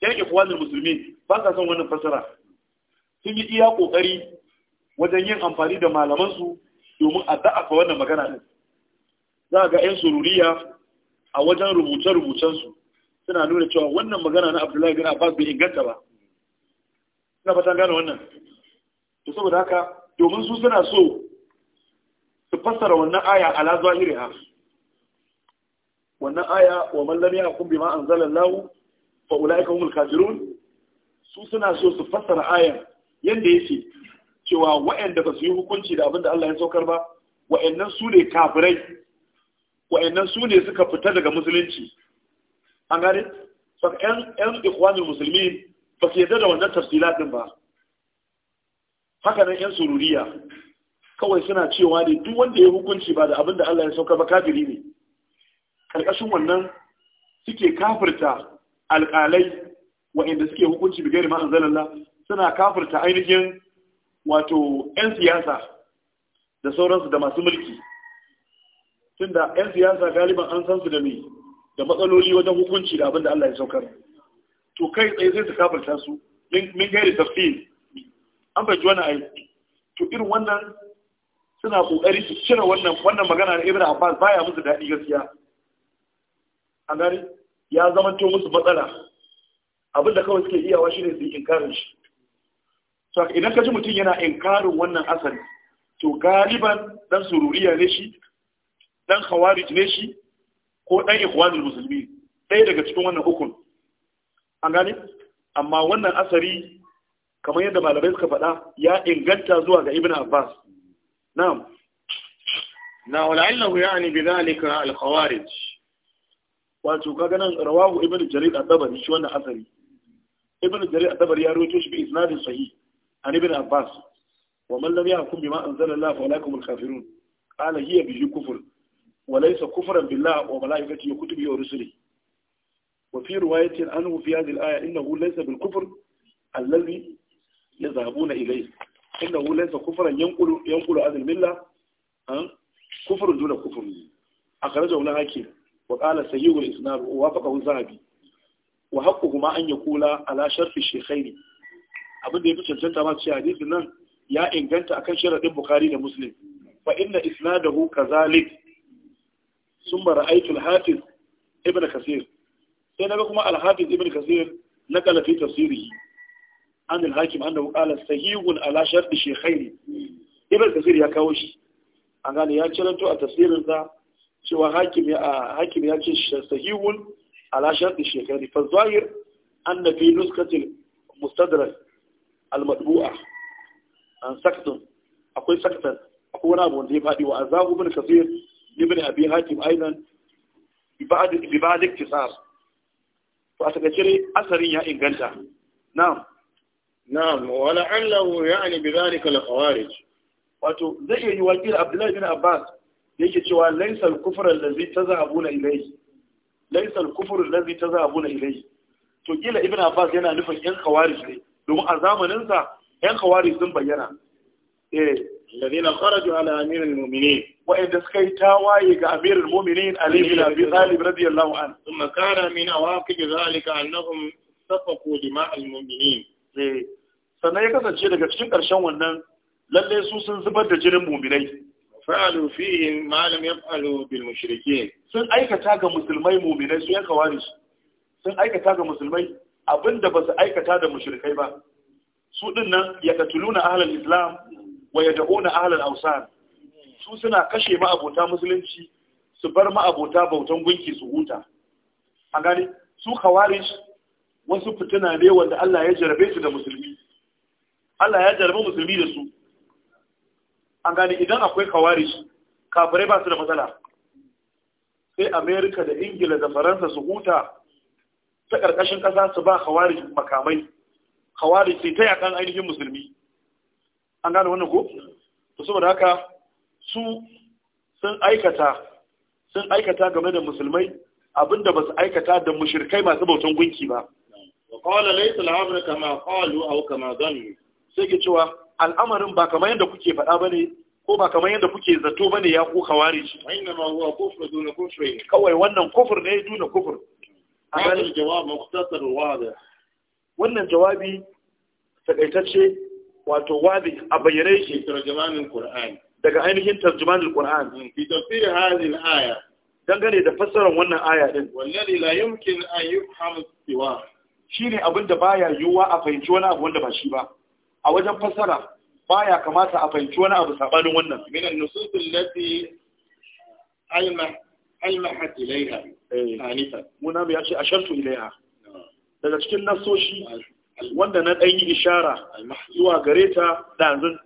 yan ikwanul musulmi ba sa son wannan fasara sun yi iya kokari wajen yin amfani da malaman su domin a da'afa wannan magana din za ga yan sururiya a wajen rubuce-rubucen su suna nuna cewa wannan magana na Abdullahi bin Abbas bai inganta ba ina fatan gane wannan to saboda haka domin su suna so su fassara wannan aya ala zahiriha wannan aya wa man a yahkum bima anzala Allah fa ulaika humul kafirun su suna so su fassara ayan ya ce cewa waɗanda ba su yi hukunci da abinda Allah ya saukar ba waɗannan su ne kafirai waɗannan su ne suka fita daga musulunci an gane saka ƴan ƴan ikhwanul ba su yarda da wannan tafsila ba haka nan ƴan sururiya kawai suna cewa ne duk wanda ya hukunci ba da abinda Allah ya saukar ba kafiri ne karkashin wannan suke kafirta alƙalai wa'inda suke hukunci da gari ma'an suna kafirta ainihin wato 'yan siyasa da sauransu da masu mulki da 'yan siyasa galiban an san su da mai da matsaloli wajen hukunci da abin da Allah ya saukar to kai tsaye sai su kafirta su min gairi tafsir an bai wani aiki to irin wannan suna kokari su cire wannan wannan magana da Ibrahim Abbas baya musu daɗi gaskiya a ya zama to musu matsala Abinda kawai suke iyawa shi ne su shi so idan ka ji mutum yana inkarin wannan asali to galiban dan sururiya ne shi dan khawarij ne shi ko dan ikhwanul musulmi ɗaya daga cikin wannan ukun an gani amma wannan asari kamar yadda malamai suka faɗa ya inganta zuwa ga ibn abbas na'am na wala'illahu ya'ni bi dhalika al-khawarij wato kaga nan rawahu ibnu jarir at-tabari shi wannan asari ibnu jarir at-tabari ya rawaito shi bi isnadin sahih an ibn abbas wa man lam yahkum bima anzala Allah fa ulaikum al-kafirun qala hiya bi kufr wa laysa kufran billah wa malaikatihi wa kutubihi wa rusulihi wa fi riwayatin anhu fi hadhihi al-aya innahu laysa bil kufr alladhi yadhhabuna ilayhi innahu laysa kufran yanqulu yanqulu hadhihi al-milla kufrun duna kufrun akhrajahu al-hakim wa qala sayyul isnad wa faqahu zahabi wa haqquhuma an yaqula ala sharh shaykhaini abin da yafi cancanta ma cewa hadisin nan ya inganta akan sharadin bukhari da muslim fa inna isnadahu kazalik thumma ra'aytu al-hafiz ibn kasir sai kuma al-hafiz ibn kasir نقل في تفسيره عن الحاكم أنه قال سيغ على شرط شيخين ibn kasir ya kawo shi an ya ciranto a tafsirinsa cewa hakim ya ce sahihun ala sharti shekari fa zahir anna fi nuskatil mustadrak al madbu'a an sakatun akwai sakatan akwai wani abu wanda ya faɗi wa azabu bin kasir ibn abi hakim aidan bi ba'd iktisar to a takaice asarin ya inganta na'am na'am wa la'allahu ya'ni bi dhalika al khawarij wato zai yi wakil abdullahi bin abbas yake cewa laisal kufr allazi tazhabuna ilayhi laisal kufr allazi tazhabuna ilayhi to kila ibn abbas yana nufin yan khawarij ne domin a zamanin sa yan khawarij sun bayyana eh alladhina kharaju ala amiril mu'minin wa inda suka yi tawaye ga amiril mu'minin ali bin abi talib radiyallahu an thumma kana min awaqib zalika annahum safaqu dima'al mu'minin eh sannan ya kasance daga cikin karshen wannan lalle su sun zubar da jinin mu'minai fa'alu fihim ma lam yaf'alu bil mushrikeen sun aikata ga musulmai mu'minai sun yanka wani sun aikata ga musulmai abinda ba su aikata da mushrikai ba su din nan yaqtuluna ahlal islam wa yad'una ahlal awsan su suna kashe ma'abota musulunci su bar ma'abota bautan gunki su huta a gani su khawarij wasu fitina ne wanda Allah ya jarabe su da musulmi Allah ya jarabe musulmi da su an gane idan akwai kawari kafirai ba su da matsala sai amerika da ingila da faransa su huta ta ƙarƙashin ƙasa su ba kawari makamai kawari sai ta yakan ainihin musulmi an gane wannan ko to saboda haka su sun aikata sun aikata game da musulmai abinda ba su aikata da mushirkai masu bautan gunki ba wa qala laysa al-amru kama qalu aw kama dhannu sai ke cewa al'amarin ba kamar yadda kuke faɗa ba ne, ko ba kamar yadda kuke zato ba ne ya ku kawari shi inna ma huwa kufr duna ne. kawai wannan kufur ne duna kufur hada jawab mukhtasar wadi wannan jawabi takaitacce wato wadi a bayyane yake tarjumanin qur'ani daga ainihin tarjumanin qur'ani hmm. fi tafsir hadhihi al-aya dangane da fassarar wannan aya din wallahi la yumkin an yufham siwa shine da baya yiwuwa a fahimci wani abu wanda ba shi ba a wajen fassara baya kamata a fahimci wani abu sabanin wannan min an-nusus allati alma almahat ilayha eh. anisa muna ya ce ashartu Ilaiha. daga cikin nasoshi wanda na dan yi ishara zuwa gare ta dazun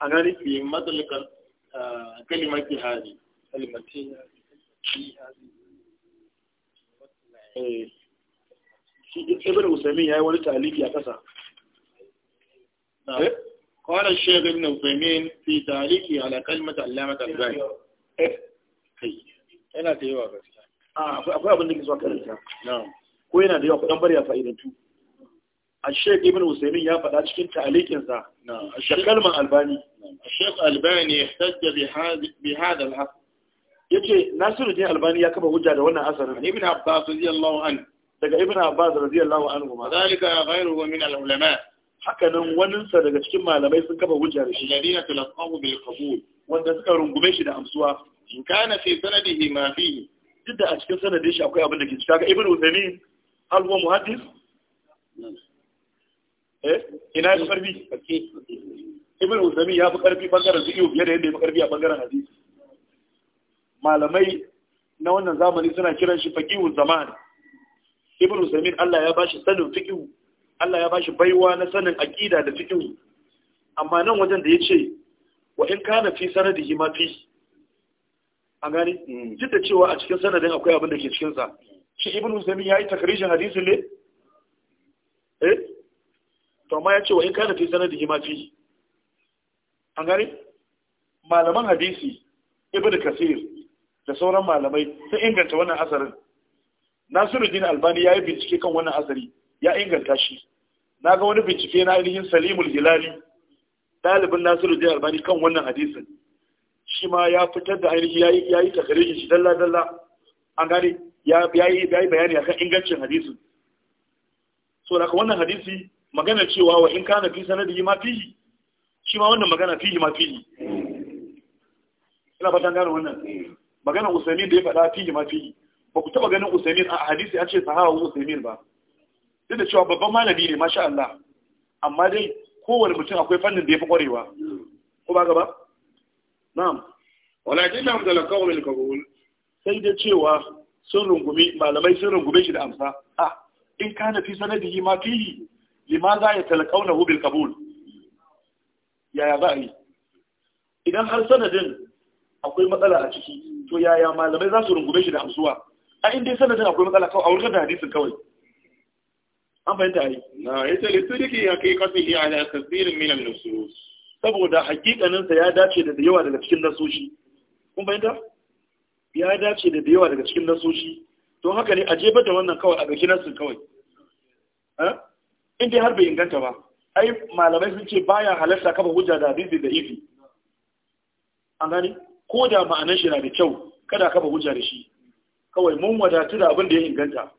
a gani bi madalika ah, kalimati hadi kalimati eh. shi ibn usaymin yayi wani talifi a ƙasa. Eh? قال الشيخ ابن عثيمين في تعليقه على كلمة علامة da yawa gaskiya akwai abin yana da yawa kudan bari ya fa'idantu a shek ibn usaimin ya faɗa cikin ta'alikinsa a shekar man albani a shek albani ya tajja bi hada ya ce nasiruddin albani ya kafa hujja da wannan asarin ibn abbas radiyallahu an daga ibn abbas A anhu ma hakanan waninsa daga cikin malamai sun kafa hujja da shi ta talaqahu bil qabul wanda suka rungume shi da amsuwa in kana fi sanadihi ma fihi duk da a cikin sanadin shi akwai abin da ke ciki kaga ibnu uthaymin hal huwa muhaddis eh ina da karfi ibnu uthaymin ya fi karfi bangaren su fiye da yadda ya fi karfi a bangaren hadisi malamai na wannan zamani suna kiran shi faqihu zaman ibnu uthaymin Allah ya bashi sanin fiqhu Allah ya bashi baiwa na sanin aqida da fiqh amma nan wajen da yace wa in kana fi sanadi hima fi an gani, hmm. duk da cewa a cikin sanadin akwai abin da ke cikin sa shi ibnu zami yayi takrijin hadisin ne eh to amma yace wa in kana fi sanadi hima fi an gani, malaman hadisi ibnu kasir da sauran malamai sun inganta wannan asarin nasiruddin albani ya yi bincike kan wannan asari ya inganta shi na ga wani bincike na ainihin salimul hilali ɗalibin nasiru jai albani kan wannan hadisin shi ma ya fitar da ainihin ya yi takarijin shi dalla dalla an gane ya yi bayani akan ingancin hadisin so da wannan hadisi magana cewa wa in kana fi sanadi ma fi? shi ma wannan magana fihi ma fi? ina fatan gane wannan magana usaimin da ya faɗa fihi ma fi, ba ku taɓa ganin usaimin a hadisi a ce sahawa usaimin ba duk da cewa babban malami ne masha Allah amma dai kowane mutum akwai fannin da ya fi kwarewa ko ba gaba na'am walakin na mutala kawai kabul sai dai cewa sun rungumi malamai sun rungume shi da amsa a in ka na fi sanadihi ma fihi za ya talakau na hubin kabul yaya za a yi idan har sanadin akwai matsala a ciki to yaya malamai za su rungume shi da amsuwa a inda sanadin akwai matsala kawai a wurin da hadisin kawai an fahimta ai na ita li sidiki haqiqatihi ala kathirin min an-nusus saboda hakikanin sa ya dace da yawa daga cikin nasoshi kun fahimta ya dace da yawa daga cikin nasoshi to haka ne a jefar da wannan kawai a ga kinansu kawai in dai har bai inganta ba ai malamai sun ce baya halarta kafa hujja da hadisi da ifi an gani ko da ma'anar shi na da kyau kada kafa hujja da shi kawai mun wadatu da abin da ya inganta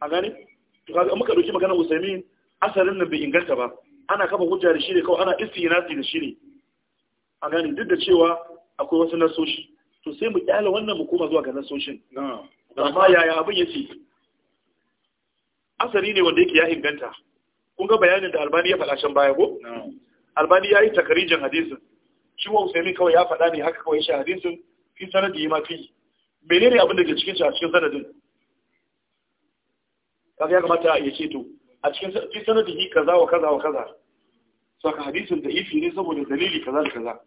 a gani kaga muka dauki maganar usaimi asalin nan bai inganta ba ana kafa hujja da shi ne kawai ana yana da shi ne a gani duk da cewa akwai wasu nasoshi to sai mu kyale wannan mu koma zuwa ga nasoshin amma yaya abin ce. asali ne wanda yake ya inganta kun ga bayanin da albani ya faɗa can baya ko albani ya yi takarijin hadisin shi wa usaimi kawai ya faɗa ne haka kawai shi hadisin fi sanadi ma fi menene abin da ke cikin shi a cikin sanadin kaga ya kamata ya ce to a cikin fi sanadihi kaza wa kaza wa kaza saka hadisin da ifi ne saboda dalili kaza da kaza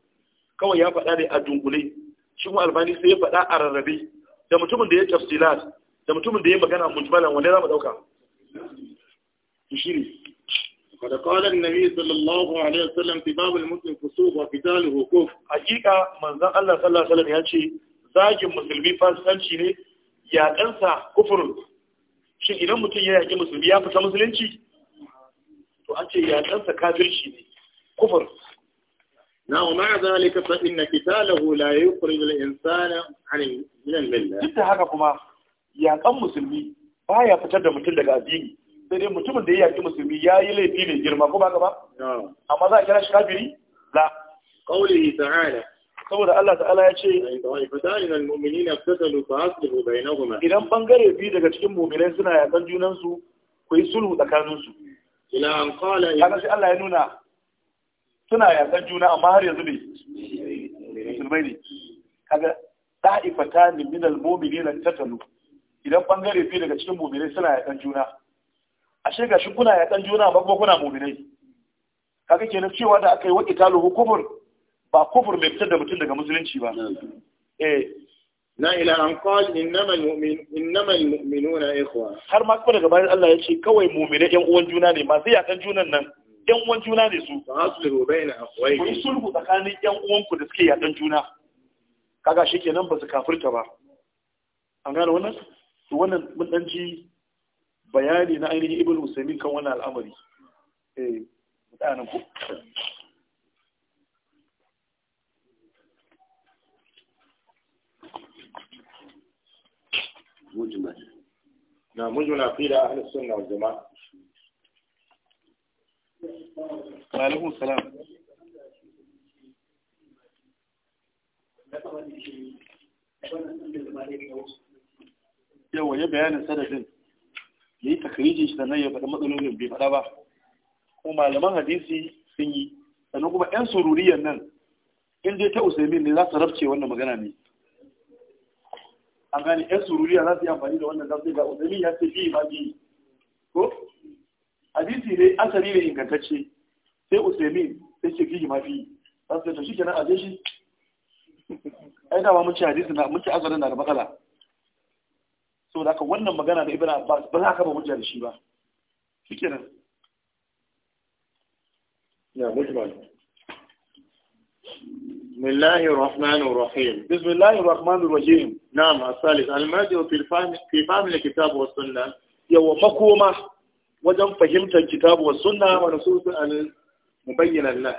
kawai ya faɗa ne a dunkule shi kuma albani sai ya faɗa a rarrabe da mutumin da ya tafsilat da mutumin da ya magana mujmalan wanda za mu dauka shiri kada qala annabi sallallahu alaihi wasallam fi babul almuslim fusuq wa qitaluhu kuf hakika manzon Allah sallallahu alaihi wasallam ya ce zagin musulmi fasikanci ne ya kansa kufurin shin idan mutum ya yaƙi musulmi ya fita musulunci to an ce yaƙansa kafirci ne kufur na umar ma'a zalika fa inna qitalahu la yukhrij al-insana an min al-millah duk da haka kuma yaƙan musulmi ba ya fitar da mutum daga addini sai dai mutumin da ya yaƙi musulmi ya yi laifi mai girma ko ba amma za a kira shi kafiri la qawlihi ta'ala saboda Allah ta'ala ya ce idan bangare bi daga cikin mu'minai suna yakan junansu, ku yi sulhu tsakanin su ila an qala ya sai Allah ya nuna suna yakan juna amma har yanzu ne musulmai ne kaga da'ifatan min al-mu'minina tatalu idan bangare bi daga cikin mu'minai suna yakan juna ashe shi kuna yakan juna ba kuma kuna mu'minai kaga kenan cewa da aka yi wa ita hukumur ba kufur mai fitar da mutum daga musulunci ba eh. na ila an qal innama almu'min ikhwa har ma kuma daga bayan Allah ya ce kawai mu'mina yan uwan juna ne masu yakan junan nan yan uwan juna ne su fa aslihu na akwai. ku sulhu tsakanin yan uwanku da suke yakan juna kaga kenan ba su kafirta ba an gane wannan to wannan mun dan ji bayani na ainihin Ibn usaimin kan wannan al'amari eh mutanen ku mujmal na mujmal aqida ahlus sunna wal jamaa wa alaikum salam yawa ya bayanin sadadin ya yi takarijin shi sannan ya faɗi matsalolin bai faɗa ba kuma malaman hadisi sun yi sannan kuma 'yan sururiyar nan in dai ta usaimin ne za su rafce wannan magana ne an gane yan sururiya za su yi amfani da wannan zafi ga uzamin ya ce fi ma bi ko hadisi ne asali ne ingantacce sai usaimin sai ce fi ma fi za su to shi kenan a je shi ai dama mun ci hadisi na mun ci asalin na da matsala so da haka wannan magana da ibn abbas ba za ka ba hujja da shi ba shikenan ya mutu ba بسم الله الرحمن الرحيم بسم الله الرحمن الرحيم نعم الثالث المرجع في الفهم في فهم الكتاب والسنة يو مكومة وجن فهمت الكتاب والسنة ونصوص المبين له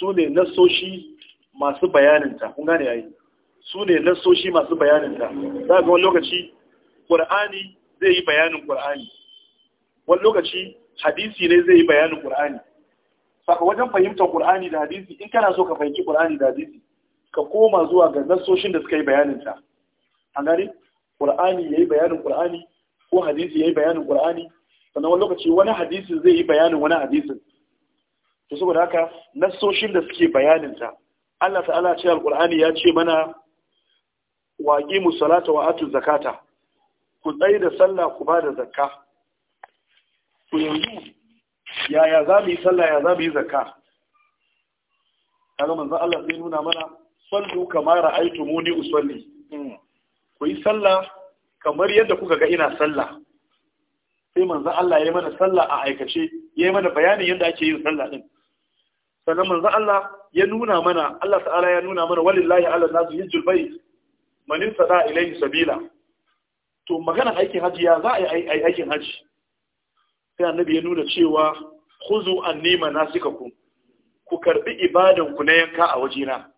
سوني نصوشي masu bayaninta kun gane yayi su ne nassoshi masu bayaninta za ga wani lokaci qur'ani zai yi bayanin qur'ani wani lokaci hadisi ne zai saka wajen fahimtar Qur'ani da hadisi in kana so ka fahimci Qur'ani da hadisi ka koma zuwa ga nassoshin da suka yi bayanin ta an gane Qur'ani yayi bayanin Qur'ani ko hadisi yayi bayanin Qur'ani sannan wani lokaci wani hadisi zai yi bayanin wani Hadisi. to saboda haka nassoshin da suke bayanin ta Allah ta'ala ce alqur'ani ya ce mana wa aqimu salata wa atu zakata ku tsaye da sallah ku ba da zakka Ku yanzu yaya za mu yi sallah ya za mu yi zakka kaga manzon Allah sai nuna mana sallu kama muni usalli hmm. ku yi sallah kamar yadda kuka ga ina sallah sai manzon Allah ya mana sallah a aikace ya mana bayanin yadda ake yin sallah din sannan manzon Allah ya nuna mana Allah ta'ala ya nuna mana walillahi ala nasu yajul bayt man yusada ilayhi sabila to magana aikin haji ya za a yi aikin haji sai annabi ya nuna cewa khuzu anni manasikakum ku karbi ibadan ku na yanka a wajena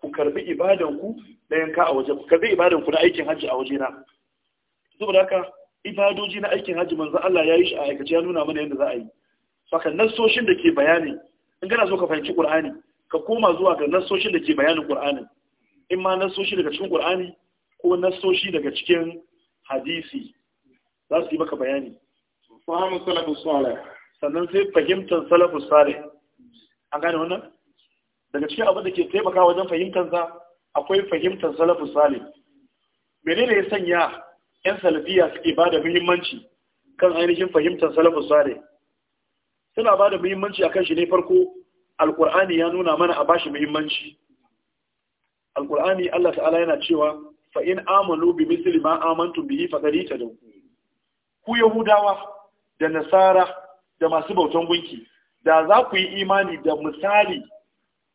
ku karbi ibadan ku na yanka a waje ku karbi ibadan ku na aikin haji a wajena saboda haka ibadoji na aikin haji manzo Allah ya yi shi a aikace ya nuna mana yadda za a yi saka nassoshin da ke bayani in kana so ka fahimci Qur'ani ka koma zuwa ga nassoshin da ke bayanin Qur'ani in ma nassoshi daga cikin Qur'ani ko nassoshi daga cikin hadisi za su yi maka bayani fahimu salatu salih sannan sai fahimtar salafus Sare. an gane wannan daga cikin abin da ke taimaka wajen sa akwai fahimtar salafus Sare. menene ya sanya yan salafiya suke ba da muhimmanci kan ainihin fahimtar salafus Sare? suna ba da muhimmanci akan shi ne farko alkur'ani ya nuna mana a bashi muhimmanci alkur'ani Allah ta'ala yana cewa fa in amanu bi misli ma amantu bihi faqad tadaw ku yahudawa da nasara da masu bautan gunki da za ku yi imani da misali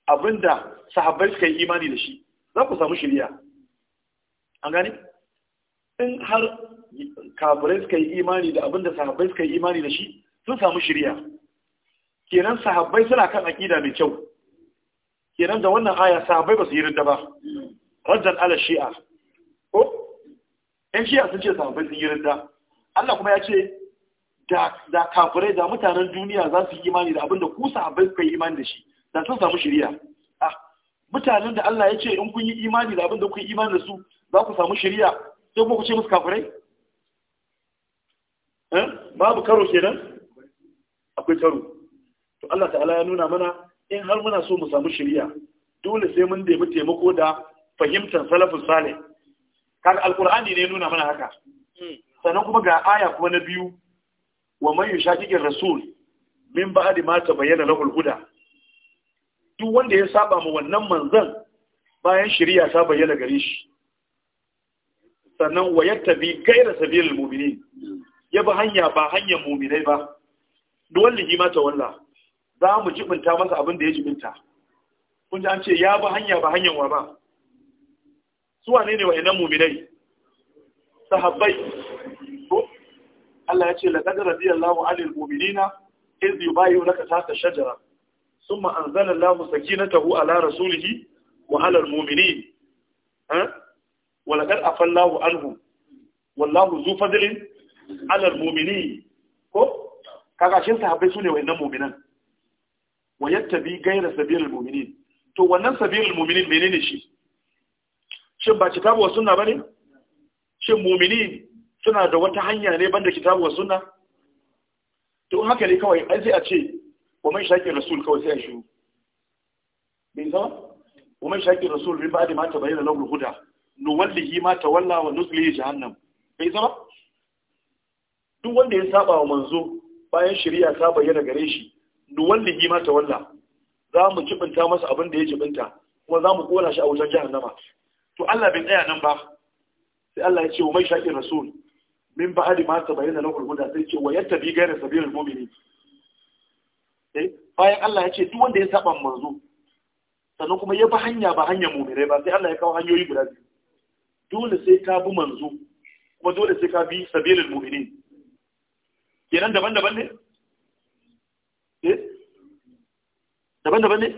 abinda sahabbai suka yi imani da shi za ku samu shirya an gani in har kafirai suka yi imani da abinda sahabbai suka yi imani da shi sun samu shirya kenan sahabbai suna kan aƙida mai kyau kenan da wannan aya sahabbai ba su yi ridda ba raddan ala shi'a ko ɗan shi'a sun ce sahabbai sun yi ridda Allah kuma ya ce da kafirai da mutanen duniya za su yi imani da abinda da kusa abin yi imani da shi da sun samu shari'a ah, mutanen da Allah ya ce in kun yi imani da abinda kuka yi imani da su za ku samu shari'a sai kuma ku ce musu kafirai eh babu karo kenan akwai karo to Allah ta'ala ya nuna mana in har muna so mu samu shari'a dole sai mun nemi taimako da fahimtar salafus salih kaga alqur'ani ne nuna mana haka hmm. sannan kuma ga aya kuma na biyu wa man yushaqiqi rasul min ba'di ma tabayyana lahu al-huda duk wanda ya saba ma wannan manzon bayan shari'a ta bayyana gare shi sannan wa yattabi ghayra sabilil mu'minin ya bi hanya ba hanyar mu'minai ba duk wanda yi mata walla za mu jibinta masa abin da ya jibinta kun ji an ce ya ba hanya ba hanyar wa ba su wane ne wa'annan mu'minai sahabbai Allah ya ce laqad radiyallahu 'anil mu'minina iz yubayyi'unaka tahta shajara thumma anzala Allahu sakinatahu 'ala rasulihi wa 'alal mu'minin ha eh? wa laqad afallahu anhu wallahu zu fadlin 'alal mu'minin ko kaga shin sahabbai sune wayannan mu'minan wa yattabi ghayra sabilil mu'minin to wannan sabilil mu'minin menene shi shin ba kitabu wa sunna bane shin mu'minin suna da wata hanya ne banda kitabu wa suna? to haka ne kawai ai sai a ce wa mai shaƙi rasul kawai sai a shiru bin zama wa mai shaƙi rasul ba'adi mata bayan da lagun huda yi ma walla wa nuslihi jahannam bai zama duk wanda ya saba wa manzo bayan shari'a ta bayyana gare shi yi ma walla, za mu kibinta masa abin da ya kibinta kuma za mu kona shi a wutar jahannama to Allah bai tsaya nan ba sai Allah ya ce wa mai shaƙin rasul min ba hadi ma ta bayyana lahul huda sai ce wa yattabi ghayra sabilil mu'minin eh bayan Allah ya ce duk wanda ya saba manzo sannan kuma ya bi hanya ba hanyar mu'minai ba sai Allah ya kawo hanyoyi guda biyu dole sai ka bi manzo kuma dole sai ka bi sabilil mu'minin kenan daban-daban ne eh daban-daban ne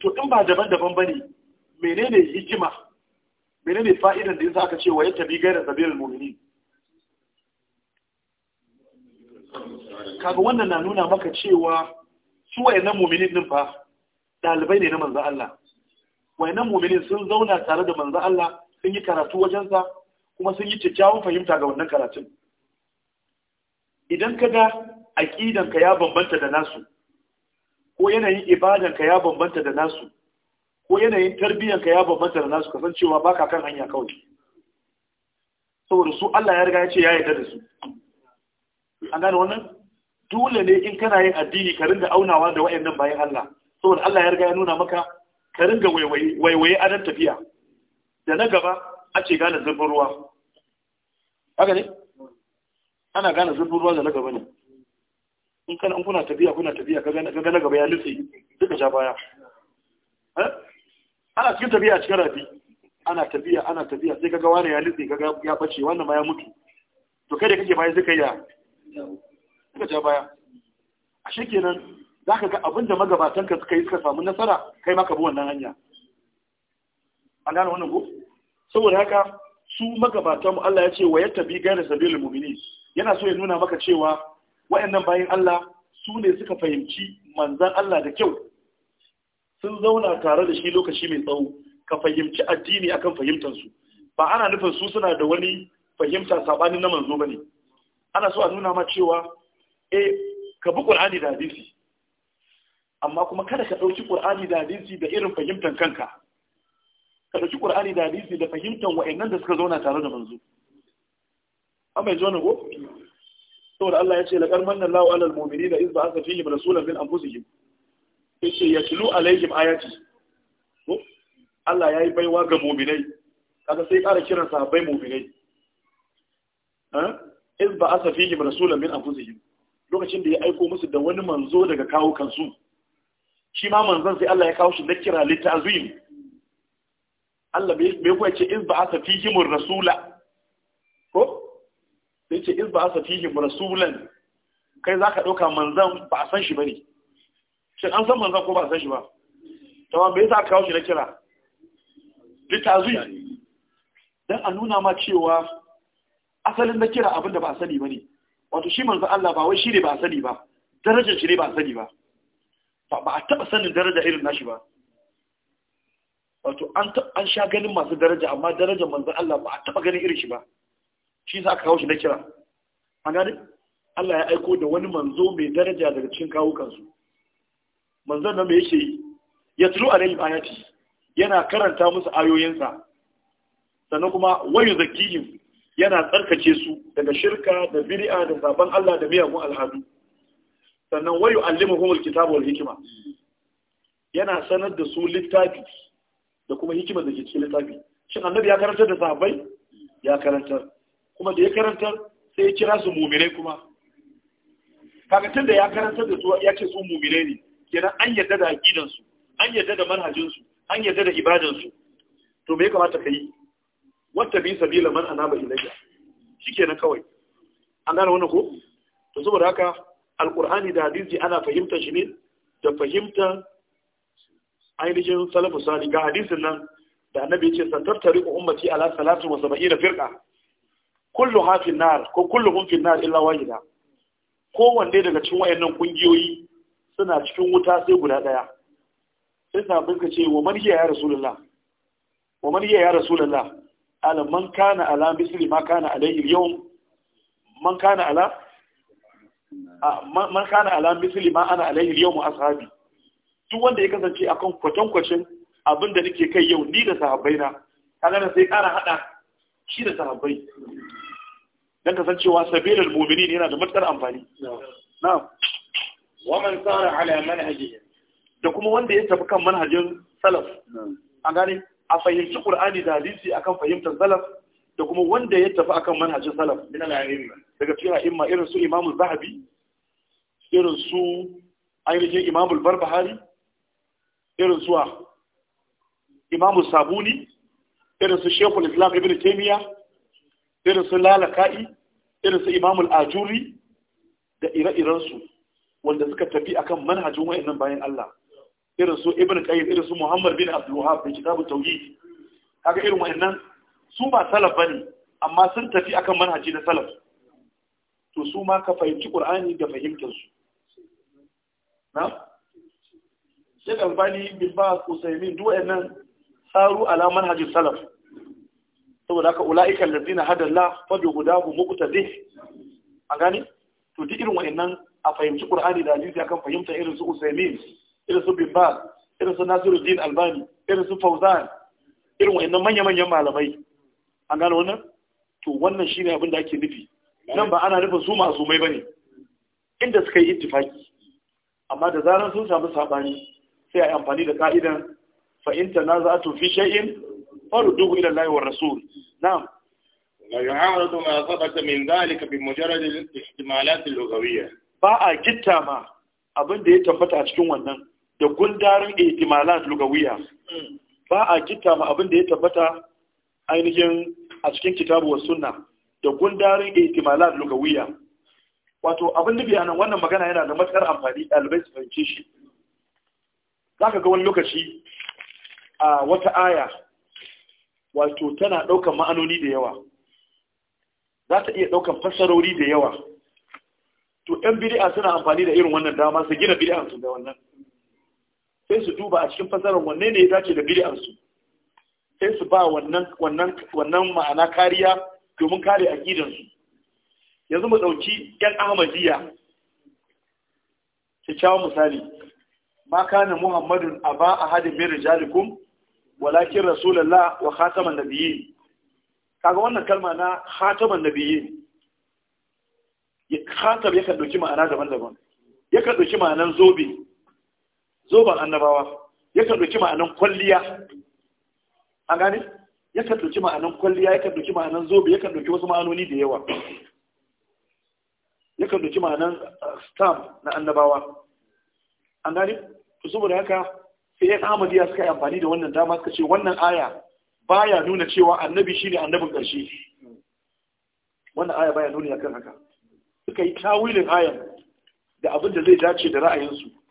to in ba daban-daban ba ne, menene hikima menene fa'idan da yasa aka ce wa ya yattabi ghayra sabilil mu'minin kaga wannan na nuna maka cewa su wayannan mu'minin din fa dalibai ne na manzo Allah wayannan mu'minin sun zauna tare da manzo Allah sun yi karatu wajensa kuma sun yi kyakkyawan fahimta ga wannan karatun idan kaga ka ya bambanta da nasu ko yanayin ibadanka ya bambanta da nasu ko yanayin tarbiyyanka ya bambanta da nasu cewa baka kan hanya kawai saboda su Allah ya riga ya ce ya yarda da su an gane wannan dole ne in kana yin addini ka ringa aunawa da wayannan bayan Allah saboda Allah ya riga ya nuna maka ka ringa waiwaye nan tafiya da na gaba a ce gane zurfin ruwa haka ne ana gane zurfin ruwa da na gaba ne in kana in kuna tafiya kuna tafiya ka ga na gaba ya nutse duka sha baya eh? ana cikin tafiya a cikin rafi ana tafiya ana tafiya sai kaga wani ya nutse kaga ya bace wannan ma ya mutu to kai da kake bayan suka yi suka ja baya ashe kenan za ka ga abin da magabatan ka suka yi suka samu nasara kai ma ka bi wannan hanya an gane wannan ko saboda haka su magabatanmu Allah ya ce wa bi ghayra sabilul mumini yana so ya nuna maka cewa wayannan bayin Allah su ne suka fahimci manzan Allah da kyau sun zauna tare da shi lokaci mai tsawo ka fahimci addini akan fahimtar su ba ana nufin su suna da wani fahimta sabanin na manzo bane ana so a nuna ma cewa E, ka bi ƙur'ani da hadisi amma kuma kada ka ɗauki ƙur'ani da hadisi da irin fahimtar kanka ka ɗauki ƙur'ani da hadisi da fahimtar wa'annan da suka zauna tare da manzo amma bai zuwa ko saboda Allah ya ce laqad manna Allahu 'alal mu'minina iz ba'atha fihim rasulan min anfusihim yace yatlu alaihim ayati ko Allah yayi baiwa ga mu'minai kaga sai ƙara kiran sahabbai mu'minai eh iz ba'atha fihim rasulan min anfusihim lokacin da ya aiko musu da wani manzo daga kawo kansu shi ma manzon sai Allah ya kawo shi kira litazim Allah bai kuwa ce iz ba'atha fihim rasula ko sai ce iz ba'atha fihim rasulan kai zaka dauka manzon ba a san shi bane shin an san manzon ko ba a san shi ba to amma bai sa kawo shi kira? litazim dan a nuna ma cewa asalin kira abinda ba a sani bane wato shi manzo Allah ba wai shi ne ba a sani ba darajar shi ne ba a sani ba ba a taɓa sanin daraja irin nashi ba wato an sha ganin masu daraja amma darajar manzo Allah ba a taɓa ganin irin shi ba shi yasa aka kawo shi na kira an gani Allah ya aiko da wani manzo mai daraja daga cikin kawukansu manzon nan me yake yi ya tulu alayhi ayati yana karanta musu ayoyinsa sannan kuma wayu zakihim yana tsarkake su daga shirka da bid'a da saban Allah da miyagun al'adu sannan wayu allimuhum kitabu wal hikima yana sanar da su littafi da kuma hikima da ke cikin littafi shin annabi ya karantar da sahabbai ya karantar kuma da ya karantar sai ya kira su mu'minai kuma kaga tunda ya karantar da su ya ce su mu'minai ne kenan an yarda da aqidan su an yarda da manhajin su an yarda da ibadan su to me ya kamata ka yi wata bi sabila man anaba ilayya shikenan kawai an gane wannan ko to saboda haka alqur'ani da hadisi ana fahimta shi ne da fahimta ainihin salafu sani ga hadisin nan da annabi ya ce santattari ummati ala salatu wa sab'ina firqa kullu fi nar ko kullu hum fi nar illa wahida kowanne daga cikin wayannan kungiyoyi suna cikin wuta sai guda daya sai sabbin ka ce wa man hiya ya rasulullah wa man hiya ya rasulullah ala man kana ala misli ma kana alayhi yawm man kana ala man kana ala misli ma ana alayhi yawm ashabi duk wanda ya kasance akan kwacin abinda nake kai yau ni da sahabbaina kaga sai ƙara hada shi da sahabbai dan kasancewa sabilul mu'minin yana da matsar amfani na'am wa man sara ala manhajihi da kuma wanda ya tafi kan manhajin salaf an gane a fahimci Qur'ani da hadisi akan fahimtar salaf da kuma wanda ya tafi akan manhajin salaf daga cikin a'imma irin su Imam Zahabi irin su ainihin Imam Barbahari irin su Imam Sabuni irin su Sheikhul Islam Ibn Taymiyyah irin su Lalaka'i irin su Imam Al-Ajuri da ire su wanda suka tafi akan manhajin wayannan bayan Allah irin su ibn kayyim irin su muhammad bin abdul wahab da kitabut tauhid kaga irin wayannan su ba salaf bane amma sun tafi akan manhaji na salaf to su ma ka fahimci qur'ani da fahimtar su na da bani bin Baz Usaimin duk wayannan saru ala manhajin salaf saboda haka ulaiikal ladina hada Allah fa bi hudahu muqtadih an gane to duk irin wayannan a fahimci Qur'ani da hadisi akan fahimta irin su Usaimin irin su bimbal irin su nasiruddin albani irin su fauzan irin nan manya-manyan malamai an gano wannan to wannan shi ne abin da ake nufi nan ba ana nufin su masu mai bane inda suka yi ittifaki amma da zarar sun samu sabani sai a yi amfani da ka'idan fa in tanaza'tu fi shay'in farudduhu ila Allah wa rasul na'am la yu'aradu ma thabata min dhalika bi mujarrad al-ihtimalat al-lughawiyya ba a gitta ma abin da ya tabbata a cikin wannan da gundarin ihtimalat lugawiya hmm. ba a kitta ma abin da ya tabbata ainihin a cikin kitabu wa sunna da gundarin ihtimalat lugawiya wato abin da bayanan wannan magana yana da matsar amfani dalibai su fahimce shi zaka ga wani lokaci a wata aya wato tana ɗaukar ma'anoni da yawa za ta iya ɗaukar fassarori da yawa to 'yan bid'a suna amfani da irin wannan dama su gina bid'a su da wannan sai su duba a cikin fasarar wanne ne ya dace da bid'arsu sai su ba wannan ma'ana kariya domin kare gidansu. yanzu mu ɗauki yan ahmadiyya kyawun misali ma kana muhammadun a hadin mai rijalikun walakin rasulallah wa khataman nabiyyin kaga wannan kalma na khataman nabiyyin khatab yakan ɗauki ma'ana daban-daban yakan ɗauki ma'anan zobe zoban annabawa yakan doki ma'anin kwalliya an gane yakan ɗauki ma'anan kwalliya yakan ɗauki ma'anan zobe yakan ɗauki wasu ma'anoni da yawa yakan ɗauki ma'anan uh, stamp na annabawa an gane to saboda haka sai yan amadiya suka yi amfani da wannan dama suka ce wannan aya baya nuna cewa annabi shine annabin ƙarshe wannan aya baya nuni akan haka suka yi tawilin ayan da abin da zai dace da ra'ayinsu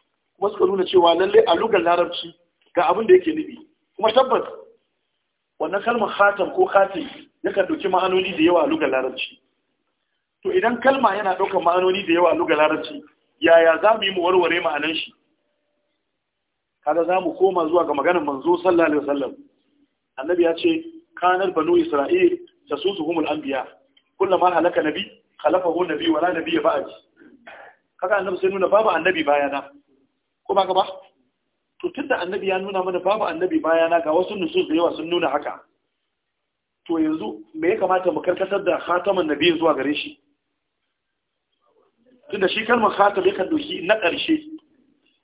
wasu suka nuna cewa lalle a lugar larabci ga abin da yake nufi kuma tabbas wannan kalmar khatam ko khatim yakan dauki ma'anoni da yawa a lugar larabci to idan kalma yana daukar ma'anoni da yawa a lugar larabci yaya za mu yi mu warware ma'anan shi Kada za mu koma zuwa ga maganar manzo sallallahu alaihi wasallam annabi ya ce kanar banu isra'il tasusuhumul anbiya kullama halaka nabi khalafahu nabi wala nabi ba'd kaga annabi sai nuna babu annabi bayana ko ba ba to tunda annabi ya nuna mana babu annabi bayana ga wasu nusus da yawa sun nuna haka to yanzu me ya kamata mu karkatar da khataman nabi zuwa gare shi tunda shi kalmar khatam yakan doki na ƙarshe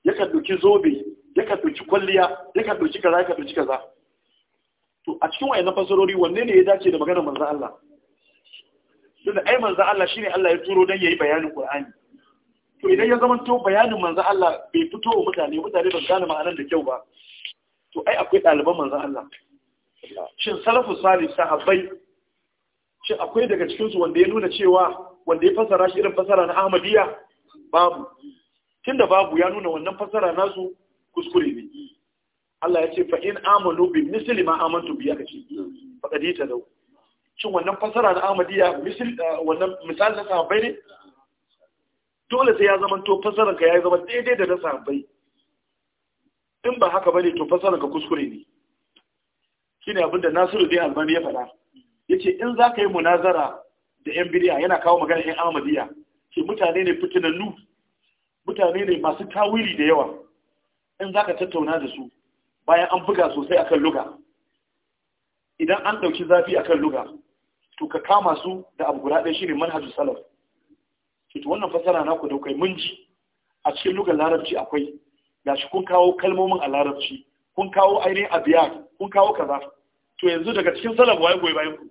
yakan doki zobe yakan doki kwalliya yakan doki kaza yakan doki kaza to a cikin wayannan fasarori wanne ne ya dace da maganar manzo Allah tunda ai manzo Allah shine Allah ya turo dan yayi bayanin Qur'ani to idan ya to bayanin manzan Allah bai fito wa mutane mutane ba gane ma'anar da kyau ba to ai akwai ɗaliban manzan Allah shin salafu salih sahabbai shin akwai daga cikinsu wanda ya nuna cewa wanda ya fassara shi irin fassara na ahmadiyya babu tunda babu ya nuna wannan fassara nasu kuskure ne Allah ya ce fa in amanu bi misli ma amantu bi yaka ce kadita da shin wannan fassara na ahmadiyya misli eh, wannan misal na sahabbai ne dole sai ya zama to fasaranka ya zama daidai da na bai in ba haka bane to fasaranka kuskure ne shine ne abinda Nasiru zai Albani ya faɗa ce in za ka yi munazara da yan biriya yana kawo magana yan amadiya ce mutane ne fitinannu mutane ne masu tawili da yawa in za ka tattauna da su bayan an buga sosai akan luga idan an ɗauki zafi akan luga to ka kama su da abu guda ɗaya shine manhajus salaf ita wannan fasara naku da kai mun ji a cikin lugar larabci akwai shi kun kawo kalmomin a larabci kun kawo ainihin abiya kun kawo kaza to yanzu daga cikin salaf waye goyi bayan ku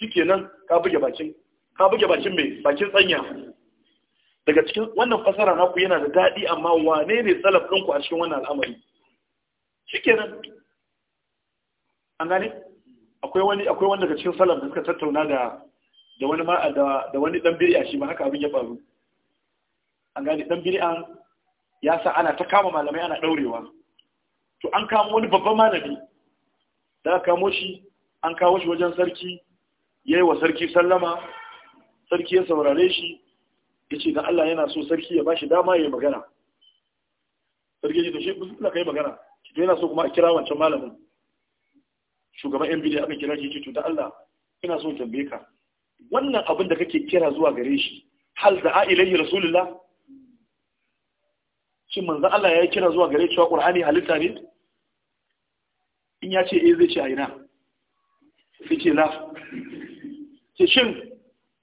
shikenan ka buge bakin ka buge bakin mai bakin tsanya daga cikin wannan fasara naku yana da daɗi amma wane ne salaf ɗinku a cikin wannan al'amari shikenan an gane akwai wani akwai wanda daga cikin salaf da suka tattauna da da wani ma da wani dan biri'a shi ma haka abin ya faru an gani dan biri'a ya sa ana ta kama malamai ana daurewa to an kama wani babban malami da aka kamo shi an kawo shi wajen sarki yayi wa sarki sallama sarki ya saurare shi ya ce da Allah yana so sarki ya bashi dama ya yi magana sarki ya ce da shi bismillah kai magana ki yana so kuma a kira wancan malamin shugaban yan aka kira shi ce to da Allah ina so tambaye ka wannan abin da kake kira zuwa gare shi hal da'a ilayhi rasulullah shin manzo Allah ya kira zuwa gare shi wa qur'ani halitta ne in ya ce eh zai ce a ina sai ce la sai shin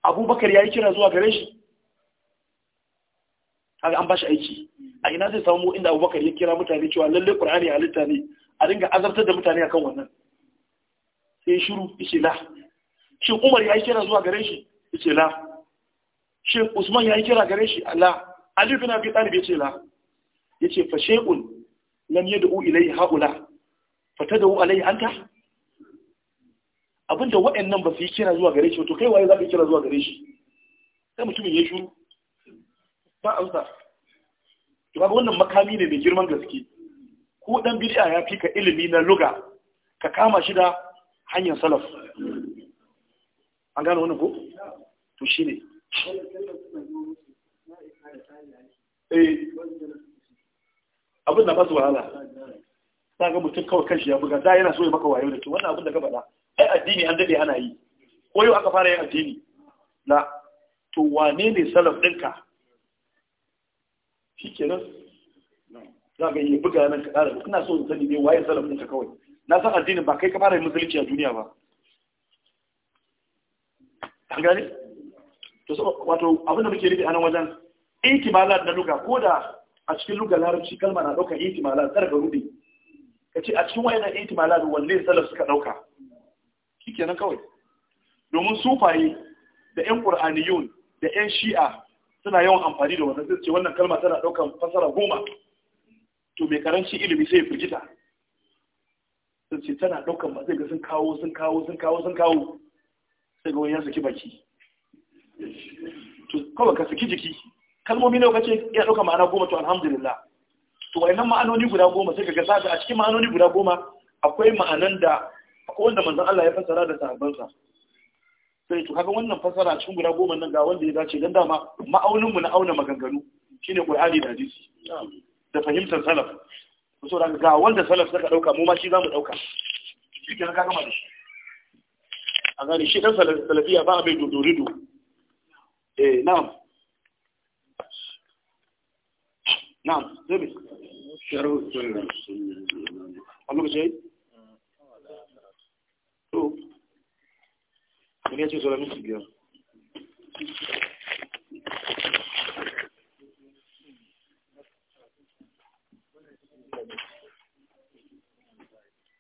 abubakar ya kira zuwa gare shi haka an ba shi aiki a ina zai samu inda abubakar ya kira mutane cewa lalle qur'ani halitta ne a dinga azabtar da mutane akan wannan sai shiru ishe la shin umar ya yi kira zuwa gare shi ce la shin usman ya yi kira gare shi la ali bin ɗalibi ya ce la ce fa shay'un lam yad'u da haula fatad'u alayhi anta abinda waɗannan ba su yi kira zuwa gare shi to kai waye za ka kira zuwa gare shi sai mutumin ya shuru ba amsa to ba wannan makami ne mai girman gaske ko dan bid'a ya fika ilimi na luga ka kama shi da hanyar salaf an gano wani ko to shi ne eh. abin da ba su wahala za ga mutum kawai kashi ya buga da yana so ya maka wayo da ke wannan abin da ka ai addini an daɗe ana yi ko yau aka fara yin addini na to wane ne salaf ɗinka shi ke nan za ga yi buga nan ka ƙara ina so in sani ne waye salaf ɗinka kawai na san addinin ba kai ka fara yin musulunci a duniya ba an gani to wato abin da muke rufe a nan wajen ihtimalat na luga ko da a cikin luga larabci kalma na ɗaukar ihtimalat kar ga rubi ka ce a cikin wayannan da wanne salaf suka ɗauka kenan kawai domin sufaye da yan Kur'aniyun da yan shi'a suna yawan amfani da wannan ce wannan kalma tana ɗaukar fasara goma to mai karanci ilimi sai ya firgita sun ce tana ɗaukar ba zai ga sun kawo sun kawo sun kawo sun kawo sai wani ya saki baki to kawai ka saki jiki kalmomi ne kace ya dauka ma'ana goma to alhamdulillah to wayannan ma'anoni guda goma sai kaga sai a cikin ma'anoni guda goma akwai ma'anan da akwai wanda manzon Allah ya fassara da sahabbansa sai to kaga wannan fassara cikin guda goma nan ga wanda ya dace dan dama ma'aunin mu na auna maganganu shine Qur'ani da hadisi da fahimtar salaf so ga wanda salaf suka dauka mu ma shi zamu dauka shi kenan kaga ma da shi a gani shi ɗan salafiya ba a mai dodorido eh na'am na'am zabi sharhu sunna Allah ce to ne ce biyar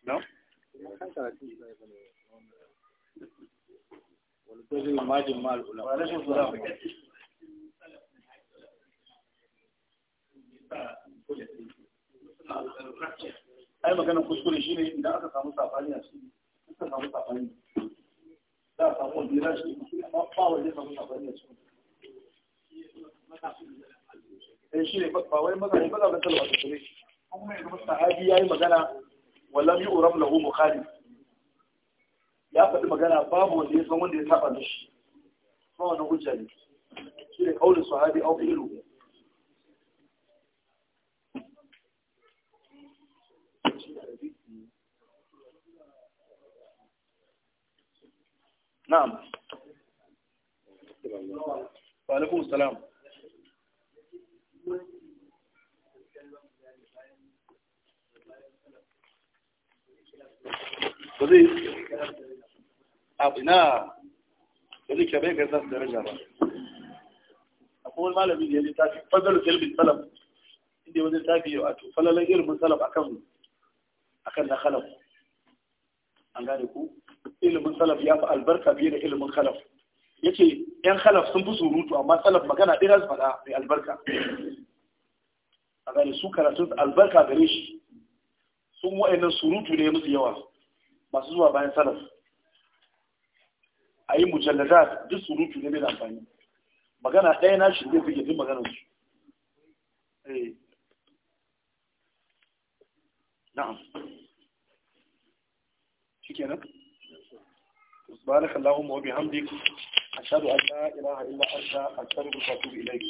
No? أي مكان خصوصي شيء يعني. يعني. لا تفهموا تفاهمين لا تفهموا تفاهمين لا تفهموا دراسة ما فاول دي تفهموا تفاهمين يعني. أي شيء ما فاول ما ما ما تلوث شيء هم يقولون تعالى أي مكان ولا يقرب له مخالف ya faɗi magana babu wanda ya san wanda ya saba da shi ba wani hujja ne shi ne kaulin sahabi au fi'lu na'am wa alaikum salam ba zai abina da duka bai ga zan daraja ba akwai wani malami da ya ji tafi fadar filmin salaf inda wani tafi yau a tufalalar ilimin salaf akan akan na khalaf an gane ku ilimin salaf ya fi albarka fiye da ilimin khalaf ce yan khalaf sun fi surutu amma salaf magana ɗaya su faɗa mai albarka a gane su karatun albarka gare shi sun wa'annan surutu ne musu yawa masu zuwa bayan salaf a yi mujallada duk surutu ne bai amfani magana ɗaya na shi zai fiye duk magana su eh. na'am shikenan سبحانك اللهم وبحمدك أشهد أن لا إله إلا أنت أستغفرك وأتوب إليك